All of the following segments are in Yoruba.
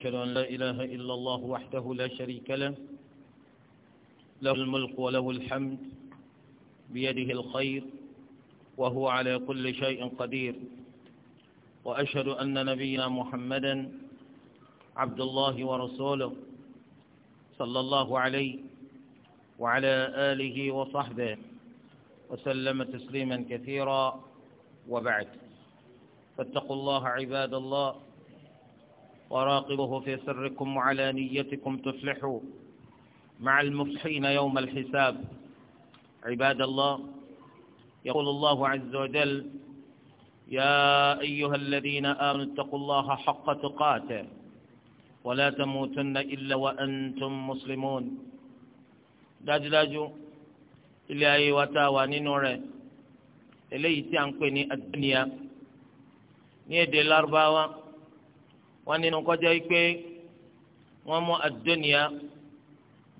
أشهد أن لا إله إلا الله وحده لا شريك له له الملك وله الحمد بيده الخير وهو على كل شيء قدير وأشهد أن نبينا محمدا عبد الله ورسوله صلى الله عليه وعلى آله وصحبه وسلم تسليما كثيرا وبعد فاتقوا الله عباد الله وراقبه في سركم وعلى نيتكم تفلحوا مع المفلحين يوم الحساب عباد الله يقول الله عز وجل يا أيها الذين آمنوا اتقوا الله حق تقاته ولا تموتن إلا وأنتم مسلمون dájúdájú ilé إلي أي tá a wà nínú rẹ̀ eléyìí tí wọn nínú kọjá yìí pé wọn mú ad-dunya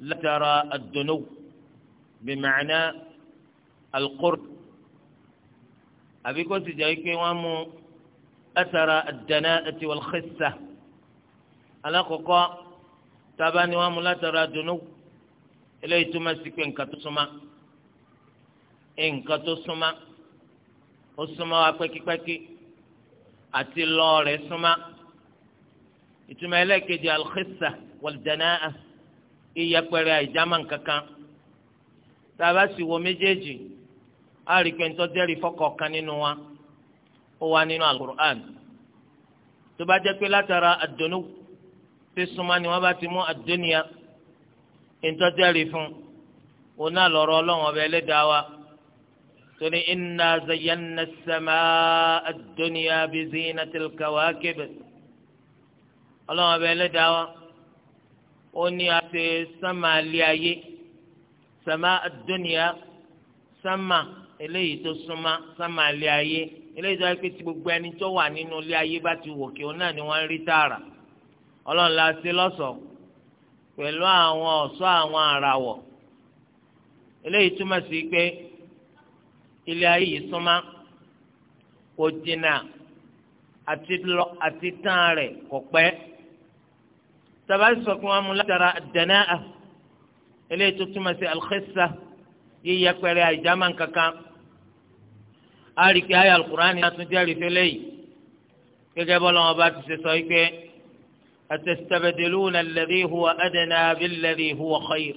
látara ad-dunuw bima'na al-qurb àbí kó sì jẹ́ pé wọ́n mú látara ad-dana'ati wal alákọ̀ọ́kọ́ tábà ni wọ́n mú látara ad eléyìí túmọ̀ sí pé nǹkan tó súnmọ́ nǹkan tó súnmọ́ ó súnmọ́ wa pẹ́kípẹ́kí àti lọ́ọ̀rẹ́ súnmọ́ ìtumọ̀ ẹlẹ́ẹ̀kejì alxisa wàlìjánáà ìyẹpẹrẹ àìjámà kankan tá a bá sì wo méjèèjì a rí pé nítorí dẹ́rì fọ́kọ̀ọ̀kan nínú wa ó wà nínú alukur'an tó bá jẹ́ pé látara àdónú fi súnmọ́ ni wọ́n bá ti mú àdóníyà nítorí dẹ́rì fún un náà lọ́rọ̀ ọlọ́run ọba ẹlẹ́dàá wa torí inna zayyana sama àdóníyà bí zinatil kawakib bẹ́ẹ̀ ọlọ́run ọbẹ̀ ẹlẹ́dàá wa ó ní a ṣe sánmà alẹ́ ayé sánmà dúnìá sánmà eléyìí tó súnmá sánmà alẹ́ ayé eléyìí tó wáyé tí gbogbo ẹni tó wà nínú ilé ayé bá ti wò kí òun náà ni wọ́n rí tààrà ọlọ́run la ṣe lọ́ṣọ̀ọ́ pẹ̀lú àwọn ọ̀ṣọ́ àwọn àràwọ̀ eléyìí túmọ̀ sí pé ilé ayé yìí súnmá kò jìnnà àti tán rẹ̀ kò pẹ́ tàbí sọ pé wọ́n mú látara dánáà eléyìí tó tuma se alxisa yíyẹ pẹ̀lẹ́ àìjámà kankan àríkì ayé alukur'an ni a tún jẹ́rìí fẹ́lẹ́ yìí gẹ́gẹ́ bọ́lá wọn bá ti ṣe sọ yìí pé atastabadiluna alladhi huwa adana billadhi huwa khayr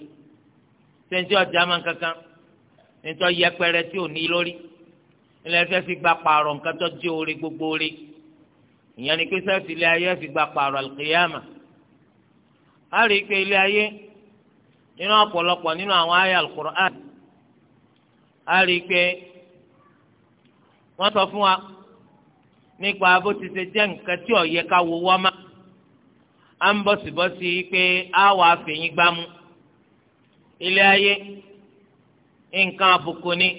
sẹ́ńtì ọ̀jámà kankan nítorí yẹpẹrẹ tí ò ní lórí ilẹ̀ fẹ́ fi gba pààrọ̀ nǹkan tó jẹ́ orí gbogbo orí ìyẹn ni pé sẹ́ẹ̀sì ilé ayé fi gba kparo alùkìyàmà. a rí i pé ilé ayé nínú ọ̀pọ̀lọpọ̀ nínú àwọn àyà alukur'an a rí i pé wọ́n sọ fún wa nípa bó ti ṣe jẹ́ nǹkan tí ó yẹ ká wo wọ́n má a ń bọ̀sibọ́sí pé a wà fèyín ilé ayé nǹkan àbùkù ni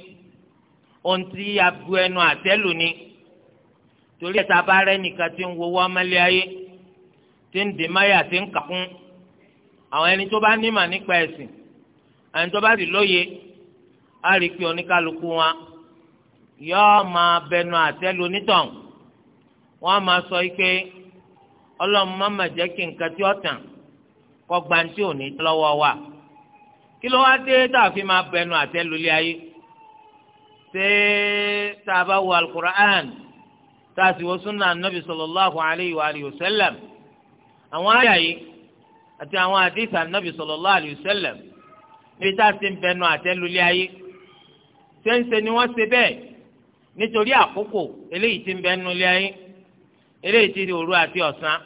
ohun tí a bu ẹnu àtẹ́lù ni torí ẹ̀ta bá rẹ́ nìkan tí ń wo wọ́n mẹ́lẹ́ ayé tí ń dè máyà tí ń kàkún àwọn ẹni tó bá nímọ̀ nípa ẹ̀sìn ẹni tó bá sì lóye á rí i pé oníkálukú wa yóò máa bẹnu àtẹ́ lu nítàn wọ́n á máa sọ pé ọlọ́run má mà jẹ́ kí nǹkan tí ó tàn kọ́ gbantí òní lọ́wọ́ wa kí ló wá dé tá a fi máa bẹnu àtẹ́ lu ilé ayé ṣé tá a bá wo alukur'an tá a sì wo sunna anabi sallallahu alayhi wa sallam àwọn àyà yìí àti àwọn àdìsí ànábì sallallahu alayhi wa sallam níbi tá a ti ń bẹnu àtẹlulẹ ayé ṣéńṣe ni wọ́n ṣe bẹ́ẹ̀ nítorí àkókò eléyìí ti ń bẹnu lé ayé eléyìí ti di òru àti ọ̀sán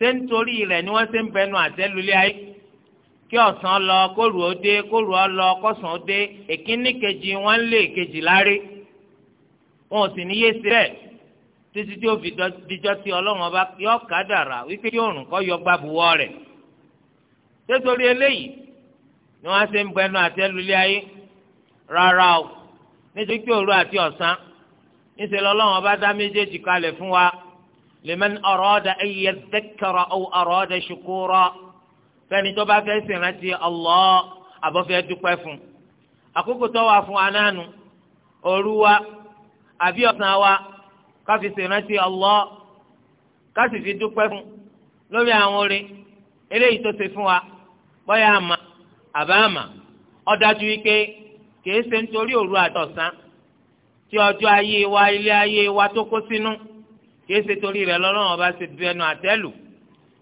ṣé nítorí rẹ̀ ni wọ́n ṣe ń bẹnu àtẹlulẹ ayé kí ọ̀sán lọ kóru ó dé kóru ó lọ kọ́sán ó dé èkíní kejì wọ́n lé kejì láre wọn ò sì ní yé sí bẹ́ẹ̀ títí tí ó fi dijọ́ tí ọlọ́run ọba yọ kádàrá wípé yóò rùn kọ́ yọ gbàbùwọ́ rẹ̀ sétorí eléyìí ni wọ́n ṣe ń bẹnu àti ẹlùlé ayé rárá o nítorí pé òru àti ọ̀sán níṣẹ́ lọ́lọ́wọ́n bá dá méjèèjì kalẹ̀ fún wa lèmẹ́n arada an yadhakkara aw arada shukura fẹ́ni tó bá fẹ́ ṣèrántí Allah àbọ̀fẹ́ dúpẹ́ fún àkókò tó wà fún anánu òru wa àbí ọ̀sán wa káfi ṣèrántí káfi fi dúpẹ́ fún lórí àwọn orin eléyìí fún wa. bọ́yá àmà àbáàmà ọ̀dájú wípé kìí ṣe nítorí òru àtọ̀sán tí ọjọ́ ayé wa ilé ayé wa tó kó sínú kìí ṣe torí rẹ̀ lọ́lọ́run ọba ṣe bẹnu àtẹ́lù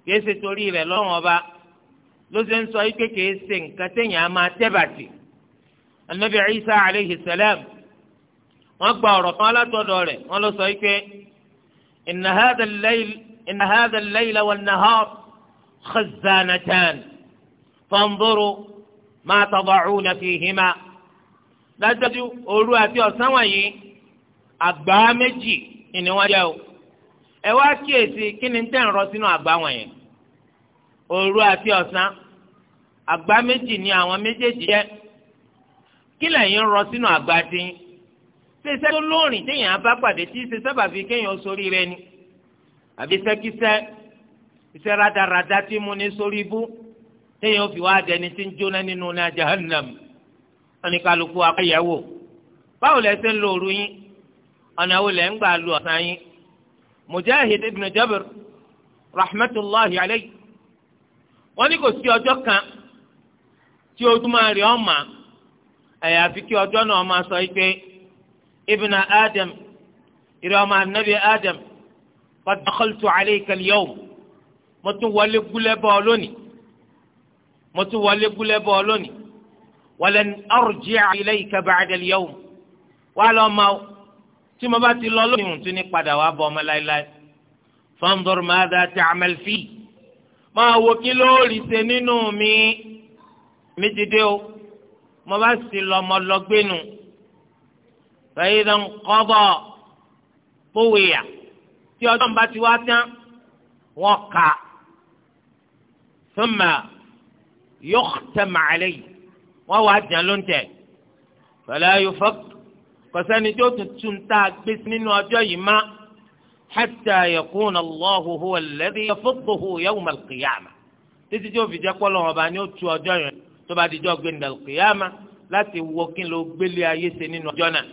kìí ṣe torí rẹ̀ lọ́rùn ọba ló ṣe ń sọ wípé kìí ṣe nǹkan téèyàn á máa tẹ́bàtì anabi isa aleyhi salam wọ́n gba ọ̀rọ̀ kan látọ̀dọ̀ rẹ̀ wọ́n lọ sọ wípé inna hadha al-layl inna hadha al fanzuru ma tada'una fihima dájọ́jú òru àti ọ̀sán wọ̀nyí àgbá méjì ni wọ́n jẹ́ o ẹ wá kíyèsí kí ni tẹ́ ń rọ sínú àgbá wọ̀nyí òru àti ọ̀sán àgbá méjì ni àwọn méjèèjì jẹ́ kí lẹ́yìn rọ sínú àgbá dín ṣe tó lóòrìn téèyàn bá pàdé tí ṣe sábàbí kéèyàn sórí rẹ ni àbí iṣẹ́ iṣẹ́ rádaràda tí mo ní sórí ibú téèyàn fi wá dẹni tí ń jóná nínú náà jahannam ọ̀nì kálukú akẹ́yẹ̀wò báwo lẹ ṣe ń lo òru yín ọ̀nà wo lẹ ń gbà lu ọ̀sán yín mujahid ibn jabir rahmatulahi alayhi wọ́n ní kò sí ọjọ́ kan tí ojúmọ́ rẹ̀ ọ̀ma àyàfi kí ọjọ́ náà máa sọ pé ibùnà adam ìrẹ̀ ọmọ anabi adam qad dakhaltu alayka mo tún wọlé gúlẹ́ bọ́ lónìí mo tún wọlé gúlẹ́ bọ́ ọ lónìí walan arji'a ilayka ba'da al-yawm wà lọ́ ma o tí mo bá ti lọ lónìí mo tún ní padà wá bọ́ ọmọ láéláé fanzur madha ta'mal fi máa wo kí lóòrì ṣe nínú mi mi ti dé o mo bá sì lọ mo lọ gbénu fa idha qada tuwiya tí ọjọ́ ń bá ti wá tán wọ́n kà thumma yukhtam alayhi wọ́n wàá jẹ́ ló ń tẹ̀ fala yufak kọ́sẹ́ni tó tuntun tá a gbé nínú ọjọ́ yìí má hatta yakuna Allahu huwa alladhi yafudduhu yawm al-qiyamah títí tí ó fi jẹ́ pọ́lọ́ wọn bá ó tu ọjọ́ yẹn tó bá di jọ́ gbẹ̀ndà láti wọ kí n gbélé ayé ṣe nínú ọjọ́ náà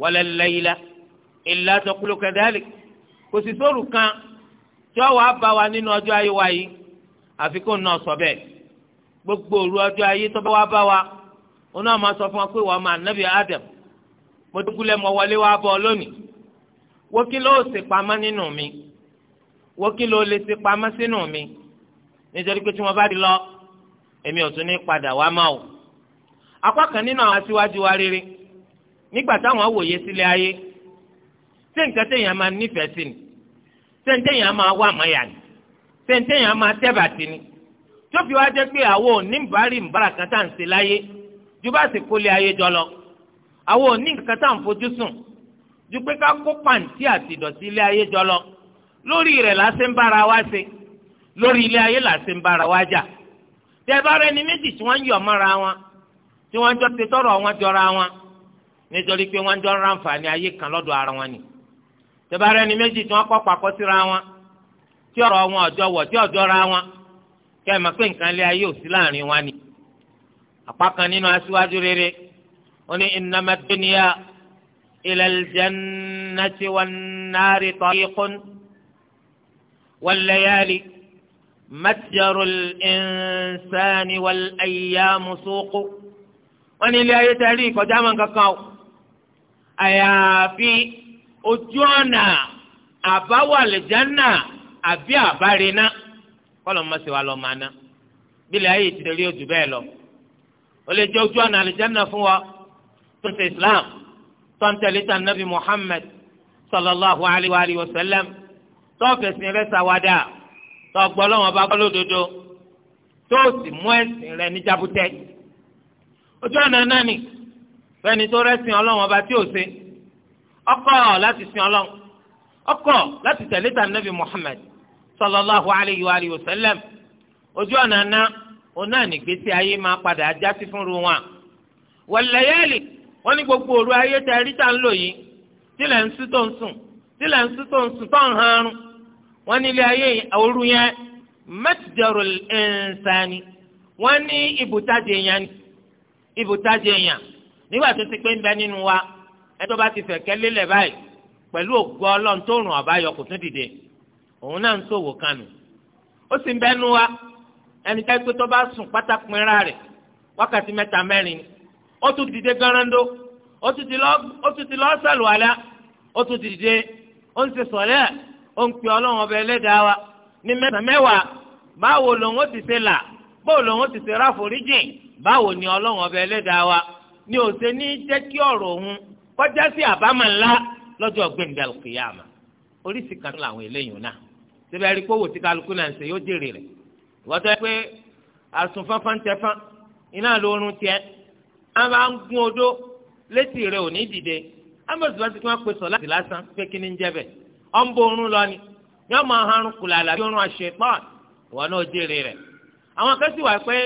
wala layla illa taqulu kan tí wọ́n wàá bá wa nínú ọjọ́ ayé wa yìí àfikún náà sọ bẹ́ẹ̀ gbogbo òru ọjọ́ ayé tó bá wá bá wa òun náà máa sọ fún wa pé wàá máa nábì Adam mo dúkúlẹ̀ mọ́ wọlé wá bọ́ lónìí wo kí ló ṣe pamọ́ nínú mi wo kí ló lè ṣe pamọ́ sínú mi nítorí pé tí wọ́n bá di lọ èmi ò tún ní padà wá máa o apá kan nínú àwọn aṣíwájú wa rere nígbà táwọn wòye sílé ayé ṣé téèyàn máa nífẹ̀ẹ́ sí ni ṣé téèyàn máa wà mọ́ yà ni sèǹtẹ̀yìn máa tẹ́bàtì ni tó fi wá jẹ́ pé àwọn òní nbàárì nbàrà kan tá à ń ṣe láyé ju bá sì kólé ayé jọ lọ àwọn òní nǹkan tá à ń fojú sùn ju pé ká kó pàǹtí àti ìdọ̀tí ilé ayé jọ lọ lórí rẹ̀ lásán bára wá ṣe lórí ilé ayé lásán bára wá jà tẹ́bárẹ́ ni méjì tí wọ́n ń yọ̀ mọ́ra wọn tí wọ́n jọ ti tọrọ wọn jọra wọn nítorí pé wọ́n jọ ń ra àǹfààní ayé kan lọ́dọ̀ ara wọn ni tẹ́bárẹ́ ni méjì tí wọ́n kọ́ papọ̀ síra wọn tí ọ̀rọ̀ wọn ọ̀jọ̀ wọ̀ tí ọ̀jọ̀ ra wọn kẹ́ ẹ mọ̀ pé nǹkan lé ayé òsì láàrin wa ni. apá kan nínú aṣíwájú rere ó ní innama dunya ilal jannati wan nari tariqun wal layali matjarul insani wal ayyamu suqu. wọ́n ní ilé ayé tẹ́ rí ìkọjá mọ́ nǹkan kan o àyàfi ojú ọ̀nà àbáwọ̀ àlùjánnà àbí àbárená kọ́lọ̀ mọ́ sí wa lọ́ máa ná bílẹ̀ ayé ti rí ojú bẹ́ẹ̀ lọ. ó lè jẹ́ ojú ọ̀nà àlùjánnà fún wa tó ṣe islam tó ń tẹ̀lé tàn nàbì muhammed sallallahu alayhi wa sallam tó fẹ̀sìn rẹ̀ ṣàwádà tó gbọ́ lọ́wọ́ bá gbọ́ lódodo tó sì mú ẹ̀sìn rẹ̀ ní jábútẹ́. ojú ọ̀nà náà ni fẹ́ni tó rẹ́sìn ọlọ́wọ́n bá tí ò ṣe ọkọ̀ láti sin ọlọ́wọ́ ọkọ̀ láti tẹ̀lé tàn nàbì muhammed sallallahu alayhi wa alihi wa sallam ojú ọ̀nà ná òun náà nìgbésí ayé máa padà já sí fún ru wọn. wàlẹ́yẹ́lì wọ́n ní gbogbo òru ayé tẹ rí tá ń lò yìí tílẹ̀ ń sún tó ń sùn tílẹ̀ ń sún tó ń sùn tó ń hanrun wọ́n ní ayé òru yẹn matjarul insani wọ́n ní ibùtajì yẹn ibùtajì yẹn nígbà tó ti pé ń bẹ nínú wa ẹ bá ti fẹ̀ kẹ́lé lẹ̀ báyìí pẹ̀lú ògbọ́ ọlọ́run tó rùn ọ̀bá yọkùn tún dìde. òun náà ń ṣòwò kanu ó sì ń bẹnu wa ẹni ká pé tó bá sùn pátá pinra rẹ̀ wákàtí mẹ́ta mẹ́rin ó tún dìde gánrandó ó tún ti lọ sàlù àlá ó tún dìde ó ń ṣe sọ̀lẹ́ ó ń pè ọlọ́run ọba ẹlẹ́dàá wa ní mẹ́ta mẹ́wàá báwo lòun ó ti ṣe là báwo lòun ó ti ṣe ráforíjì báwo ni ọlọ́run ọba ẹlẹ́dàá wa ni ò ṣe ní jẹ́ kí ọ̀rọ̀ òun kọjá sí àbámọ̀ ńlá lọ́jọ́ kan eléyìí náà. síbi ẹ̀rí pé owó tí kálukú náà ń ṣe yóò jèrè rẹ̀ wọ́n tẹ́ pé àsùn fánfán tẹ fán iná lóorun tiẹ̀ á máa ń gún odó létí rẹ̀ ò ní dìde á mọ̀ sí báṣekí wọ́n pe sọ láti lásán pé kí ni ń jẹ́ bẹ̀ ọ́ ń bo oorun lọ ni yọ́ máa harun kùlà àlàbí oorun àṣẹ pọ́ọ̀n ìwọ náà jèrè rẹ̀ àwọn akẹ́sì wà pé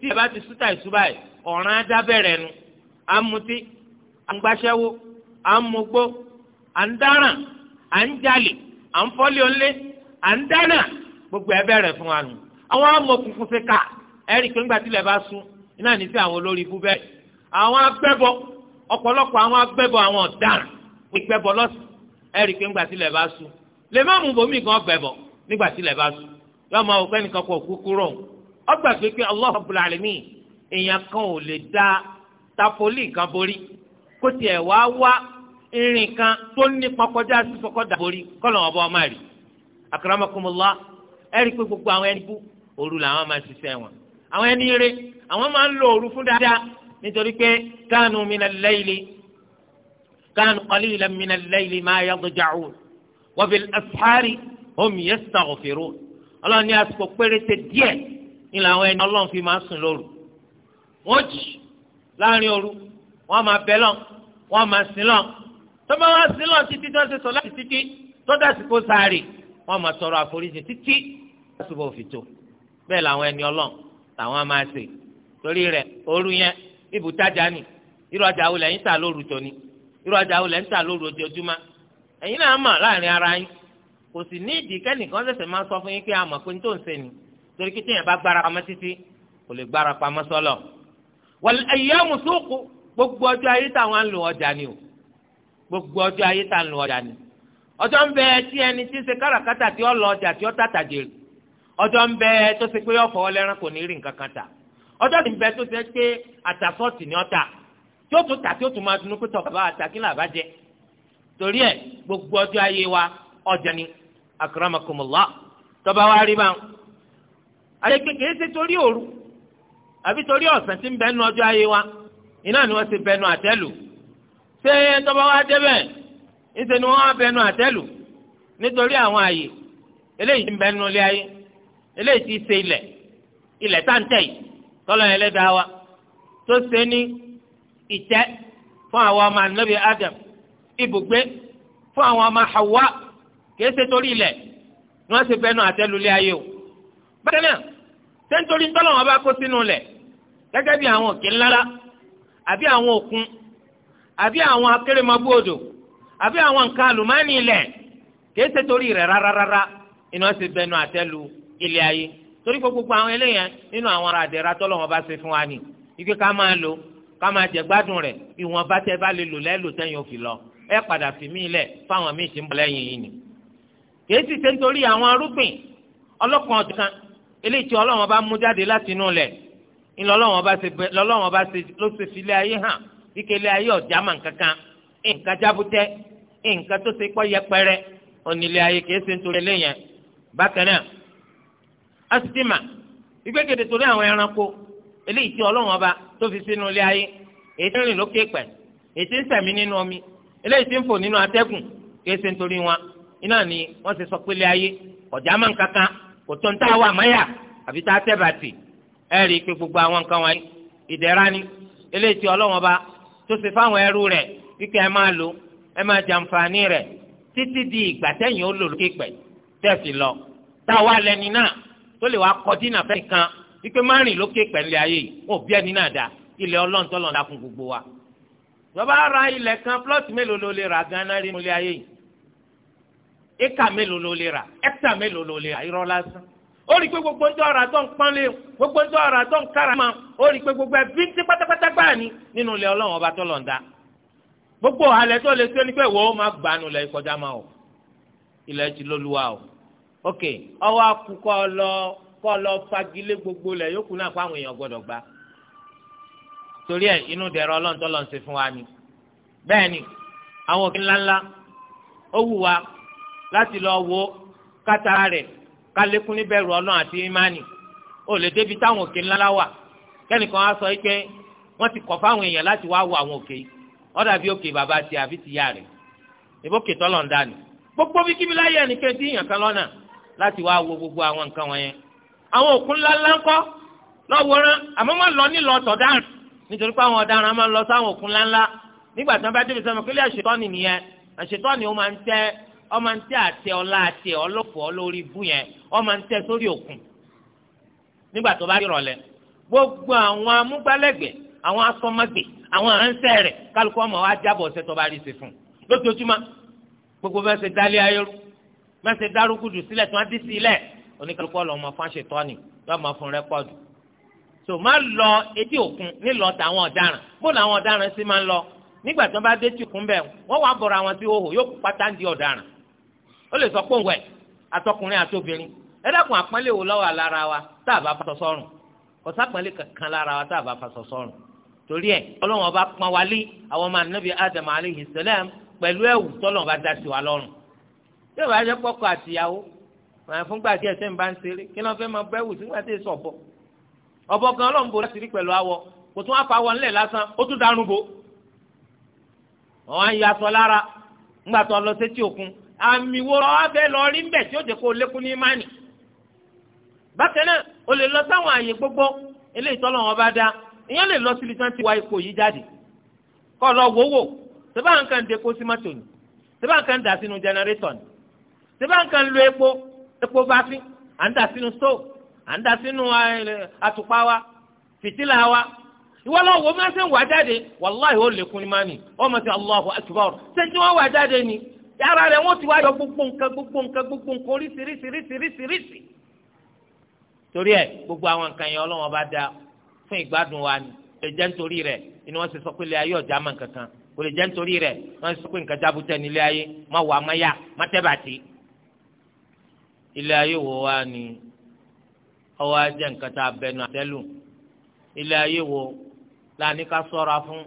tí ìbá ti sútà ìsúbà yìí ọ̀ràn adábẹ̀rẹ̀ nu àmutí àǹgbàṣẹ́wó àmugbó àǹdáràn àǹjalè àǹfọ́lé ọ̀lẹ́ à ń dáná gbogbo ẹ bẹ̀rẹ̀ fún wa nù àwọn amọ̀kùnkùn ṣe kà ẹ̀rì pé ńgbà tílẹ̀ bá sún iná ní sí àwọn olórí ibú bẹ́ẹ̀ àwọn agbẹ́bọ ọ̀pọ̀lọpọ̀ àwọn agbẹ́bọ àwọn ọ̀daràn ìgbẹ́bọ lọ́sùn ẹ̀rì pé ńgbà tílẹ̀ bá sún lè má mú bòmí kan gbẹ̀bọ nígbà tílẹ̀ bá sún yọ máa wò kẹ́nìkan kọ̀ kúkúrò ọgbà pé pé Allah Rabbul Alamin èèyàn kan ò lè da tapoli kan borí kó tiẹ̀ wá wá irin kan tó nípa kọjá sí akramakumullah ẹ̀rí pé gbogbo àwọn ẹni kú òru làwọn máa ṣiṣẹ́ wọn àwọn ẹni ire àwọn máa ń lo òru fún dáadáa nítorí pé kanu minal layli kanu qalilan minal layli ma yadja'un wa bil ashari hum yastaghfirun ọlọ́run ní àsìkò péréte díẹ̀ ní làwọn ẹni ọlọ́run fi máa sùn lóru wọ́n jì láàrin òru wọ́n máa bẹ lọ́n wọ́n máa sin lọ́n tọ́ba wá sin lọ́n títí tó ń ṣe sọ láti títí tó dàsìkò sáré wọ́n máa tọrọ àforíjì títí lásìkò òfìtò bẹ́ẹ̀ làwọn ẹni ọlọ́n làwọn máa ṣe torí rẹ̀ òru yẹn ibùtajà ni irú ọjà wo lẹ́yìn tà lóru tòní irú ọjà wo lẹ́yìn tà lóru ojoojúmọ́ ẹ̀yin náà mọ̀ láàrin ara yín kò sì ní ìdí kẹ́nìkan ṣẹ̀ṣẹ̀ máa sọ fún yín pé a pé ní tó ń ṣe ni torí kí téèyàn bá gbára pamọ́ títí kò lè gbára pamọ́ sọ́lọ̀ wal ayyamu suuq gbogbo ọjọ́ ayé táwọn ń lo ọjà ni o gbogbo ọjọ́ ayé táwọn ń lo ọjà ni o ọjọ́ ń bẹ tí ẹni tí ń ṣe káràkátà tí ó lọ ọjà tí ó tàtà jèrè ọjọ́ ń bẹ tó ṣe pé ọ̀fọ̀ ọlẹ́ran kò ní rí nǹkan tà ọjọ́ ń bẹ tó ṣe pé àtàfọ́ọ̀tì ni ó tà tí ó tún tà tí ó tún máa dunú pé bàbá àtàkì torí gbogbo ọjọ́ ayé wa ọjà ni akramakumullah tọba wa rí bá ń àti kékeré ṣe torí òru àbí torí ọ̀sán tí ń bẹ́ẹ̀ ayé wa níṣẹ́ ni wọ́n á bẹnu àtẹ́lù nítorí àwọn àyè eléyìí ti ń bẹnu ilé ayé eléyìí ti ṣe ilẹ̀ ilẹ̀ táǹtẹ̀ yìí tọ́lọ́ yẹn lẹ́dàá wa tó ṣe ní ìtẹ́ fún àwọn ọmọ anabi adam ibùgbé fún àwọn ọmọ hawa kìí ṣe torí ilẹ̀ ni wọ́n ṣe bẹnu àtẹ́lù ilé ayé o bákan náà ṣé nítorí tọ́lọ́ wọn bá kó sínú ilẹ̀ gẹ́gẹ́ bí àwọn òkè ńlára àbí àwọn òkun àbí àwọn akérèmọ́bú odò àbí àwọn nǹkan àlùmánì ilẹ̀ kìí ṣe torí rẹ̀ rárára iná ṣe bẹnu àtẹ́lu ilé ayé torí pé gbogbo àwọn eléyẹn nínú àwọn ará àdẹ̀rà tọ́lọ́wọ́n bá ṣe fún wa ni ike ká máa lò ká máa jẹ gbádùn rẹ̀ ìwọ̀n bá tẹ bá lè lò lẹ́lò tẹ́yìn òfin lọ ẹ padà fi mí lẹ̀ fáwọn míì ṣì ń bọ̀ lẹ́yìn yìí ni. kìí sì ṣe nítorí àwọn arúgbìn ọlọ́kan ọ̀dùnkan eléyìí tí ọlọ́wọ́n bá mú jáde láti inú lẹ̀ ńlọ́lọ́wọ́n bá ṣe ló ṣe fi ilé ayé hàn ike ilé ayé ọ̀já màn kankan nǹkan jábútẹ́ nǹkan tó ṣe pọ́ yẹpẹrẹ onílé ayé kìí ṣe nítorí eléyẹn bákan náà asitima ìgbẹ́gẹ̀dẹ̀ torí àwọn ẹranko eléyìí tí ọlọ́run ọba tó fi sínú ilé ayé èyí tí ń rìn lókè pẹ̀ èyí tí ń sẹ̀mí nínú omi eléyìí tí ń fò nínú atẹ́gùn kìí ṣe nítorí wọn iná ni wọ́n ti sọ pé ilé ayé ọ̀já máa ń kankan kò tó ń tá a wà máyà àfi tá a tẹ́ bàtì ẹ rí i pé gbogbo àwọn nǹkan wọ̀nyí ìdẹ̀ra ni eléyìí tí ọlọ́run ọba tó ṣe fáwọn ẹrú rẹ̀ wípé ẹ máa lò ẹ máa jàǹfààní rẹ̀ títí di ìgbà tẹ̀yìn ó lò lókè pẹ̀ tẹ̀sí lọ táwa lẹni náà tó lè wá kọjú náà fẹ́ẹ́ kan wípé má rìn lókè pẹ̀ ńlẹ̀ ayé yìí bí ẹni náà dá ilẹ̀ ọlọ́ntọ́lọ́ dá fún gbogbo wa ìjọba ra ilẹ̀ kan plọ́ọ̀tì mélòó ló lè rà gan-an rí múlẹ̀ ayé yìí éka mélòó ló lè rà ẹ́kítà mélòó ló lè rà irọ́ lásán ó rí i pé gbogbo ńjọ́ ọ̀rà tó ń pọ́nlé gbogbo ńjọ́ ọ̀rà tó ń kárama ó rí i pé gbogbo ẹbí ń tí pátápátá gbáà ní nínú ilẹ̀ ọlọ́run ọba tó lọ́ọ̀dá gbogbo àlẹ́ tó lè ṣe ni pé wọ́n máa gbanu lẹ́yìn kọjá máa o ilẹ̀ ti lóluwa o ok ọwọ́ akú kọ́ lọ kọ́ lọ fagilé gbogbo lẹ̀ yókù náà fún àwọn èèyàn gbọ́dọ̀ gbà torí ẹ̀ inú dẹ̀rọ ọlọ́ntọ́ lọ́n ṣe fún wa ni bẹ́ẹ̀ ni àwọn òkè ńláńlá ó wù wá láti lọ wo kátà rẹ̀ kálékún níbẹ̀rù ọlọ́run àti ìmánì ó lè débi táwọn òkè ńláńlá wà kẹ́nìkan á sọ pé wọ́n ti kọ̀ fáwọn èèyàn láti wá wo àwọn òkè yìí wọ́n dàbí òkè bàbá tiẹ̀ àfi ti yá rẹ̀ ìbókè tọ́lọ̀ ń dání gbogbo bí kíbi láyé ẹnìkan tí èèyàn kan lọ́nà láti wá wo gbogbo àwọn nǹkan wọ̀nyẹn àwọn òkun ńláńlá ńkọ́ lọ́wọ́rán àmọ́ wọ́n lọ nílọ tọ̀daràn nítorí pé àwọn ọ̀daràn máa ń lọ sáwọn òkun ńláńlá nígbà tí wọ́n bá débi sọ́mọ kílẹ̀ àṣetọ́ni nìyẹn àṣetọ́ni ó máa ń tẹ́ ọ máa ń tẹ́ àtẹ ọlá àtẹ ọlọ́pọ̀ lórí ibú yẹn ọ máa ń tẹ́ sórí òkun nígbà tó bá rírọ̀lẹ́ gbogbo àwọn amúgbálẹ́gbẹ̀ẹ́ àwọn asọ́mọ́gbẹ̀ẹ́ àwọn aránṣẹ́ rẹ̀ kálukú ọmọ wa jábọ̀ ọ̀sẹ̀ tó bá rí ṣe fún un lójoojúmọ́ gbogbo bẹ́ẹ̀ ṣe dálé ayélu bẹ́ẹ̀ ṣe dárúgùdù sílẹ̀ tó ń dí sílẹ̀ oníkálukú ọlọ́mọ fáṣẹ tọ́ni yóò máa fún rẹ́kọ́ọ̀dù tó máa lọ etí òkun nílọ tàwọn ọ̀daràn bó làwọn ọ̀daràn sì máa ń lọ nígbà tó bá dé tí òkun bẹ́ẹ̀ wọ́n wá bọ̀rọ̀ àwọn tí hóhò yóò pátá ń di ọ̀daràn ó lè sọ pé òun ẹ̀ atọkùnrin àtobìnrin ẹ dákun àpọ́nlé wo lọ́wọ́ lára wa tá a bá fa sọ sọ́run kò sápọ́nlé kankan lára wa tá a bá fa sọ sọ́run torí ẹ ọlọ́wọ́n bá pọn wa lé àwọn ọmọ anabi adam aleyhi salam pẹ̀lú ẹ̀wù tọ́lọ́wọ́n bá da sí wa lọ́rùn tí ìwà jẹ́ pọ́kọ àtìyàwó màá fúngbà tí ẹsẹ̀ ń bá ń ṣeré kí ló fẹ́ máa bẹ́wù sígbà tí èso ọ̀bọ ọ̀bọ gan ọlọ́run bò láti rí pẹ̀lú awọ kò tún afa awọ nílẹ̀ lásán ó tún darun bò wọn á lára ńgbà tó lọ sétí òkun àmì wo lọ́wọ́ ìyẹn lè lọ síbi tí wọ́n ti wá epo yìí jáde kọ́ lọ wò wò sẹ́bà nǹkan de epo símọ́tò ni sẹ́bà nǹkan dà sínú jẹnẹrétọ̀ ni sẹ́bà nǹkan lo epo epo bá fi à ń dà sínú stove à ń dà sínú àtùpà wa fìtílà wa ìwọ lọ wo máa ń sẹ́n wà jáde wàláhì ó lékún ní mami ọmọ sí Allahu Akbar sẹ́ńtì wọn wà jáde ni yàrá rẹ̀ wọ́n ti wá yọ gbogbo nǹkan gbogbo nǹkan gbogbo nǹkan oríṣiríṣiríṣiríṣi torí ẹ̀ gbogbo àwọn nǹkan yẹn ọlọ́wọ́n bá dáa fún ìgbádùn wa ni lè jẹ́ nítorí rẹ̀ inú wọn ti sọ pé ilé ayé ọ̀já mọ̀ kankan kò lè jẹ́ nítorí rẹ̀ wọ́n ti sọ pé nǹkan jábútẹ́ ní ilé ayé má wà má yá má tẹ́bàtì. ilé ayé wo wa ni ọwọ́ ajẹ́ nǹkan tá a bẹnu àtẹ́lù ilé ayé wo la ní ká sọ́ra fún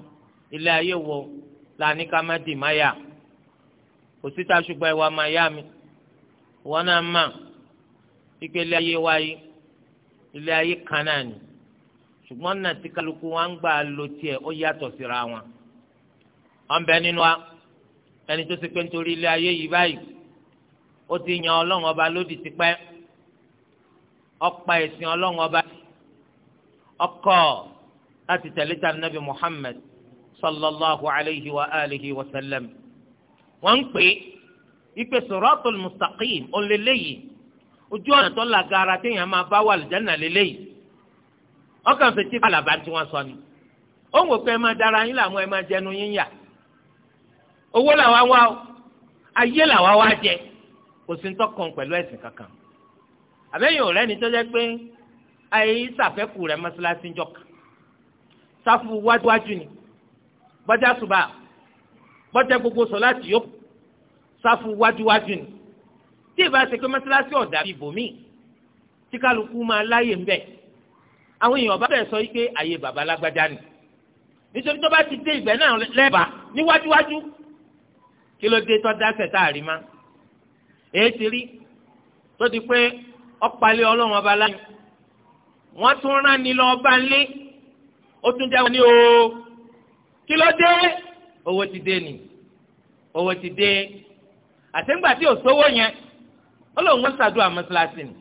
ilé ayé wo la ní ká má dì má yá kò síta ṣùgbọ́n ìwà má yá mi wọn náà mà ìpele ayé wa ilé ayé kan náà ni ṣùgbọ́n náà tí kálukú wa ń gbà lo tiẹ̀ ó yàtọ̀ síra wọn. ọ̀nbẹ nínú wa ẹni tó ti pé nítorí ilé ayé yìí báyìí ó ti yan ọlọ́run ọba lódì tipẹ́ ọ̀pá ẹ̀sìn ọlọ́run ọba ọkọ̀ láti tẹ̀lé ta nabi Muhammad sallallahu alayhi wa alihi wa sallam wọ́n ń pè é ipe siratul mustaqim ó lélẹ́yìí ojú ọ̀nà tó làgàrà téèyàn máa bá wà lìjánà lélẹ́yìí ọkàn fetí kàlàbà tí wọ́n sọ ni ó ń wò pé ẹ máa dára yín làwọn ẹ máa jẹnu yín yà owó làwa wá o ayé làwa wá jẹ kò sí tọkàn pẹ̀lú ẹ̀sìn kankan àbẹ́yìn ọ̀rẹ́ ni tó jẹ́ pé ayé sàfẹ́kù rẹ̀ mọ́ṣáláṣí ń jọkàn sáfù wájúwájú ni bọ́jà ṣùgbọ́n bọ́jà gbogbo sọ láti yókù sáfù wájúwájú ni tí ìbá mọ́ṣáláṣí ọ̀dà bíi tí kálukú máa láyè ń bẹ̀ẹ́ àwọn èèyàn bá bẹ̀rẹ̀ sọ yìí pé àyè bàbá lágbájá ni nítorí tó bá ti dé ìgbẹ́ náà lẹ́bàá níwájúwájú kí ló dé tó dáṣẹ̀ tá a rí ma èyí ti rí tó di pé ọ̀pálẹ̀ ọlọ́run ọba láyé wọ́n tún rán ni lọ bá ń lé ó tún jẹ́ wọn ní o kí ló dé owó ti dé ni owó ti dé àtẹ̀ǹgbà tí ò sówó yẹn ọlọ́run wọn ṣàdúrà mọ́ṣáláṣí ni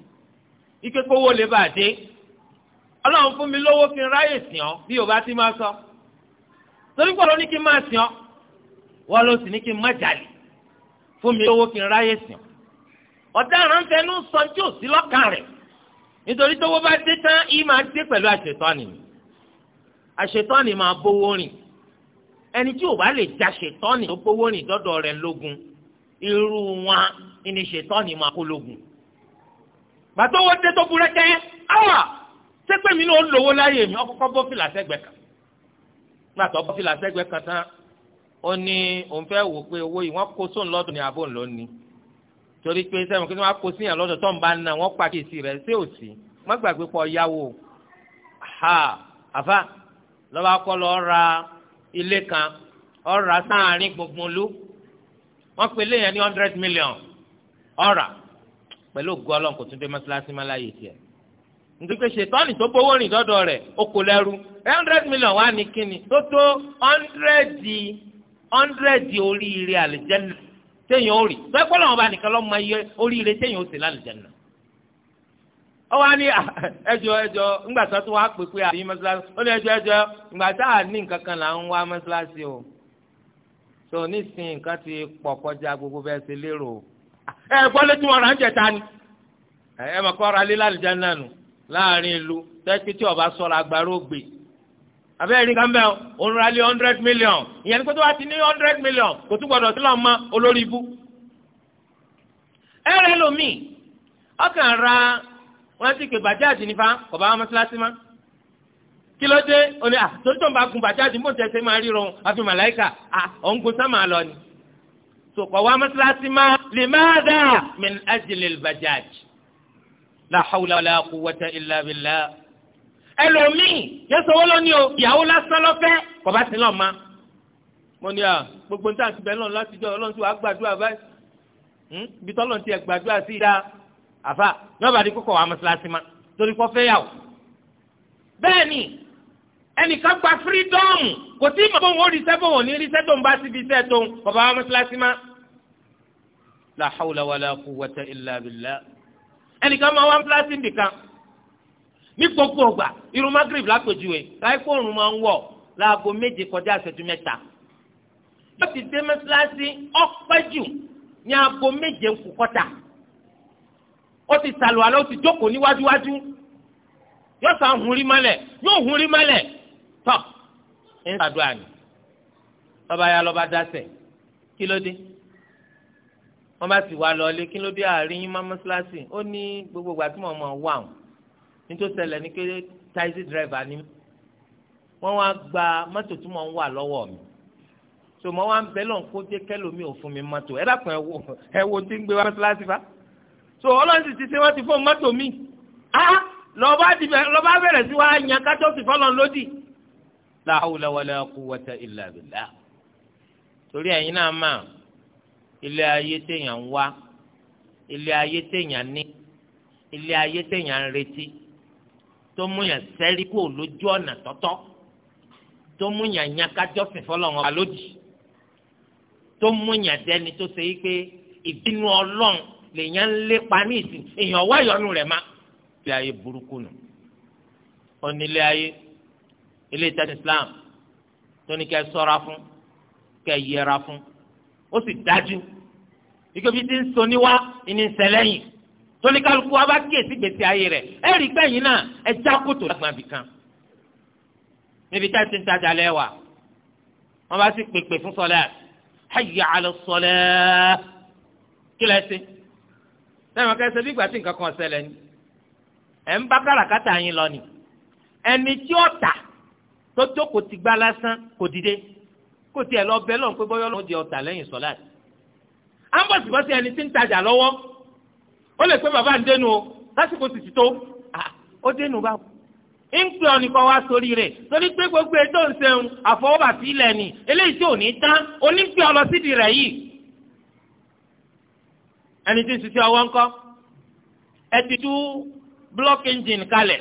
ike lè bá a dé ọlọ́run fún mi lówó kí n ráyè sìn ọ́ bí yorùbá ti máa sọ torí pọ̀ ló ní kí n máa sìn ọ́ wọ́n ló sì ní kí n má jalè fún mi lówó kí n ráyè sìn ọ́ ọ̀daràn fẹnu sọ tí ò sí lọ́kàn rẹ̀ nítorí tówó bá dé tán yìí máa dé pẹ̀lú àṣetọ́ni àṣetọ́ni máa bówó rìn ẹni tí ò lè ja ṣetọ́ni tó bówó rìn dọ́dọ̀ rẹ̀ lógun irú wọn ni ṣetọ́ni máa kó lógun gbàtọ́wọ́ dé tó burẹ́kẹ́ áwà sẹ́gbẹ́ mi náà lówó láyè mi ọkọ̀ bọ́ fìlà sẹ́gbẹ́ kan nígbà tó bọ́ fìlà sẹ́gbẹ́ kan tán ó ní òun fẹ́ wò pé owó yìí wọ́n kó sóun lọ́dún ní abóun ló ní torí pé sẹ́wọ̀n kí wọ́n á kó síyàn lọ́dún tó ń bá ná wọ́n pàkíyèsí rẹ̀ sí òsì wọ́n gbàgbé pọ̀ yáwó ha àfa lọ́ba kọ́ lọ ra ilé kan ọ̀rà sáàárín gbogbo olú wọ́n pe ilé yẹn ní hundred million ọ̀rà pẹ̀lú ògùn ọlọ́run kò tún dé mọ́ṣáláṣí má láyè tiẹ̀ nítorí pé ṣètọ́nì tó gbowó rìn dọ́dọ̀ rẹ̀ ó kò lẹ́rú hundred million wà ní kíni tó tó hundred hundred oríire àlìjẹ́nà téèyàn ó rí bẹ́ẹ̀ kọ́ lọ́wọ́ bá nìkan lọ́mọ iye oríire téèyàn ó sì lálìjẹ́nà ó wá ní ah, ẹjọ ẹjọ ńgbà tó tó wá pè pé àbí mọ́ṣáláṣí ó ní ẹjọ ẹjọ ńgbà tá à ní nǹkan kan là ń wá mọ́ṣáláṣí o tó nísìnyí nǹkan ti pọ̀ kọjá gbogbo bẹ́ẹ̀ ṣe lérò ah, ẹ gbọ́ létí wọn rà ń jẹta ni ẹ mọ̀ kọ́ ra lílá àlùjá nù láàrin ìlú tẹ́kí tí ọba sọ̀rọ̀ agbára ògbè abẹ́rẹ́ gánbẹ́ ònrálé hundred million ìyẹn kó tó wá ti ní hundred million kò tún gbọdọ̀ sílọ̀ mọ́ olórí ibú. ẹ̀rẹ́ lomi ọkàn ra wọn ti pè bàjáàjì nífa kọ̀ọ̀bá wọn mọ́sálásí má kí ló dé oní à torí tó ń bá gun bàjáàjì mọ̀ tẹ́sẹ̀ máa ríro àfi màláìkà à òǹgun sámà lọ ni. sòkò wa mọ́sálásí má lè má dáa min la hawla wala quwwata illa billah. ẹlòmíì yẹsọ wọn lọ ní o ìyàwó lásán lọfẹ kọba sí lọ ma. mo ní à gbogbo níta àti bẹ́ẹ̀ lọ́nà láti jọ ọlọ́run tí wàá gbàdúrà báyìí hmm? bí tọ́lọ̀ ti ẹ̀ gbàdúrà sí i dá àfà yọba di kókò wà mọ́sálásí ma torí kọ́ fẹ́ yàwó. bẹ́ẹ̀ni ẹnìkan gba fírídọ́ọ̀mù kò tí màá bọ̀ wọ́n rí sẹ́fọ̀ wọ́n ní rí sẹ́tọ̀ ń bá síbi sẹ́tọ̀ kọba wà mọ́sálásí ma. la hawla wala quwwata illa ẹnìkan máa wá ń pílásì nìkan ní gbogbo ọgbà irun magrib lápèjúwe láìpẹ́ òrùn máa ń wọ̀ láago méje kọjá ìṣẹ́jú mẹ́ta yóò ti dé mẹ́tíláṣí ọpẹ́ jù ní aago méje ńkù kọ́tà ó ti sàlù àlọ́ ó ti jókòó níwájúwájú yóò sàn hun rí mọ́lẹ̀ yóò hun rí mọ́lẹ̀ tọ́ ẹ̀ ń sàdúrà ni lọ́ba ya lọ́ba dásẹ̀ kí ló dé wọ́n bá sì wá lọ́ọ́lé kí ló dé àárín yín mọ́mọ́síláṣí ó ní gbogbo ìgbà tí mo mọ̀ wà wọ́n nítorí ṣẹlẹ̀ ní pé táìsì dírẹ́fà ni wọ́n wá gba mọ́tò tí mo ń wà lọ́wọ́ mi so mo wá ń bẹ́ lọ́n kó jẹ́ kẹ́lòmí ò fún mi mọ́tò ẹ dákun ẹ wo ẹ wo tí ń gbé wá mọ́síláṣí fa so ọlọ́run sì ti ṣe wọ́n ti fún mọ́tò mi ah lọ́ba bẹ̀rẹ̀ sí wàá yan kájọ́ sì fọ́lọ́n lódì la hawla wala quwwata illa billah torí ẹ̀yin náà máa ilé ayé téèyàn ń wá ilé ayé téèyàn ní ilé ayé téèyàn ń retí tó mú yàn sẹ́rí kó lójú ọ̀nà tọ́tọ́ tó mú yàn yàn kájọ́sìn fọlọ́run ọba tó mú yàn dẹni tó ṣe wípé ìbínú ọlọ́run lèyàn ń lépa ní ìsìn èèyàn wá rẹ̀ má. ilé ayé burúkú nù onílé ayé ilé ìtàn Islam tó ní kẹ́ sọ́ra fún kẹ́ yẹra fún ó sì dájú ike bí ti ń so níwá ìní ń sẹlẹ́yìn wa bá kíyèsí gbèsè ayé rẹ̀ ẹ rí gbẹ̀yìn náà ẹ já kòtò lágbà bì kan níbi tá a ti ń tajà lẹ́wà wọ́n bá sì pèpè fún sọlẹ́ hayya ala sọlẹ́ kí lẹ́ sí sẹ́wọ̀n kẹsẹ̀ bí ìgbà tí nǹkan kan ṣẹlẹ̀ ni ẹ̀ ń bá káràkátà yín lọ ni ẹni tí ó tà tó jókòó ti gbá lásán kò dìde kó tiẹ̀ lọ bẹ́ẹ̀ lọ́n pé bọ́yọ́ lọ́n di ọ̀tà lẹ́yìn sọ́lá yìí. à ń bọ̀ sí bọ́sí ẹni tí ń tajà lọ́wọ́ ó lè pé bàbá ń dénú o lásìkò sì ti tó ó dénú báwo. ń pè ọ nìkan wá sórí rẹ̀ torí pé gbogbo ètò ń sẹ́hun àfọwọ́bàtì ilẹ̀ ni eléyìí tí ò ní tán onípè ọ lọ sídìí rẹ̀ yìí. ẹni tí ń ṣiṣẹ́ ọwọ́ ńkọ́ ẹ ti tú block engine kalẹ̀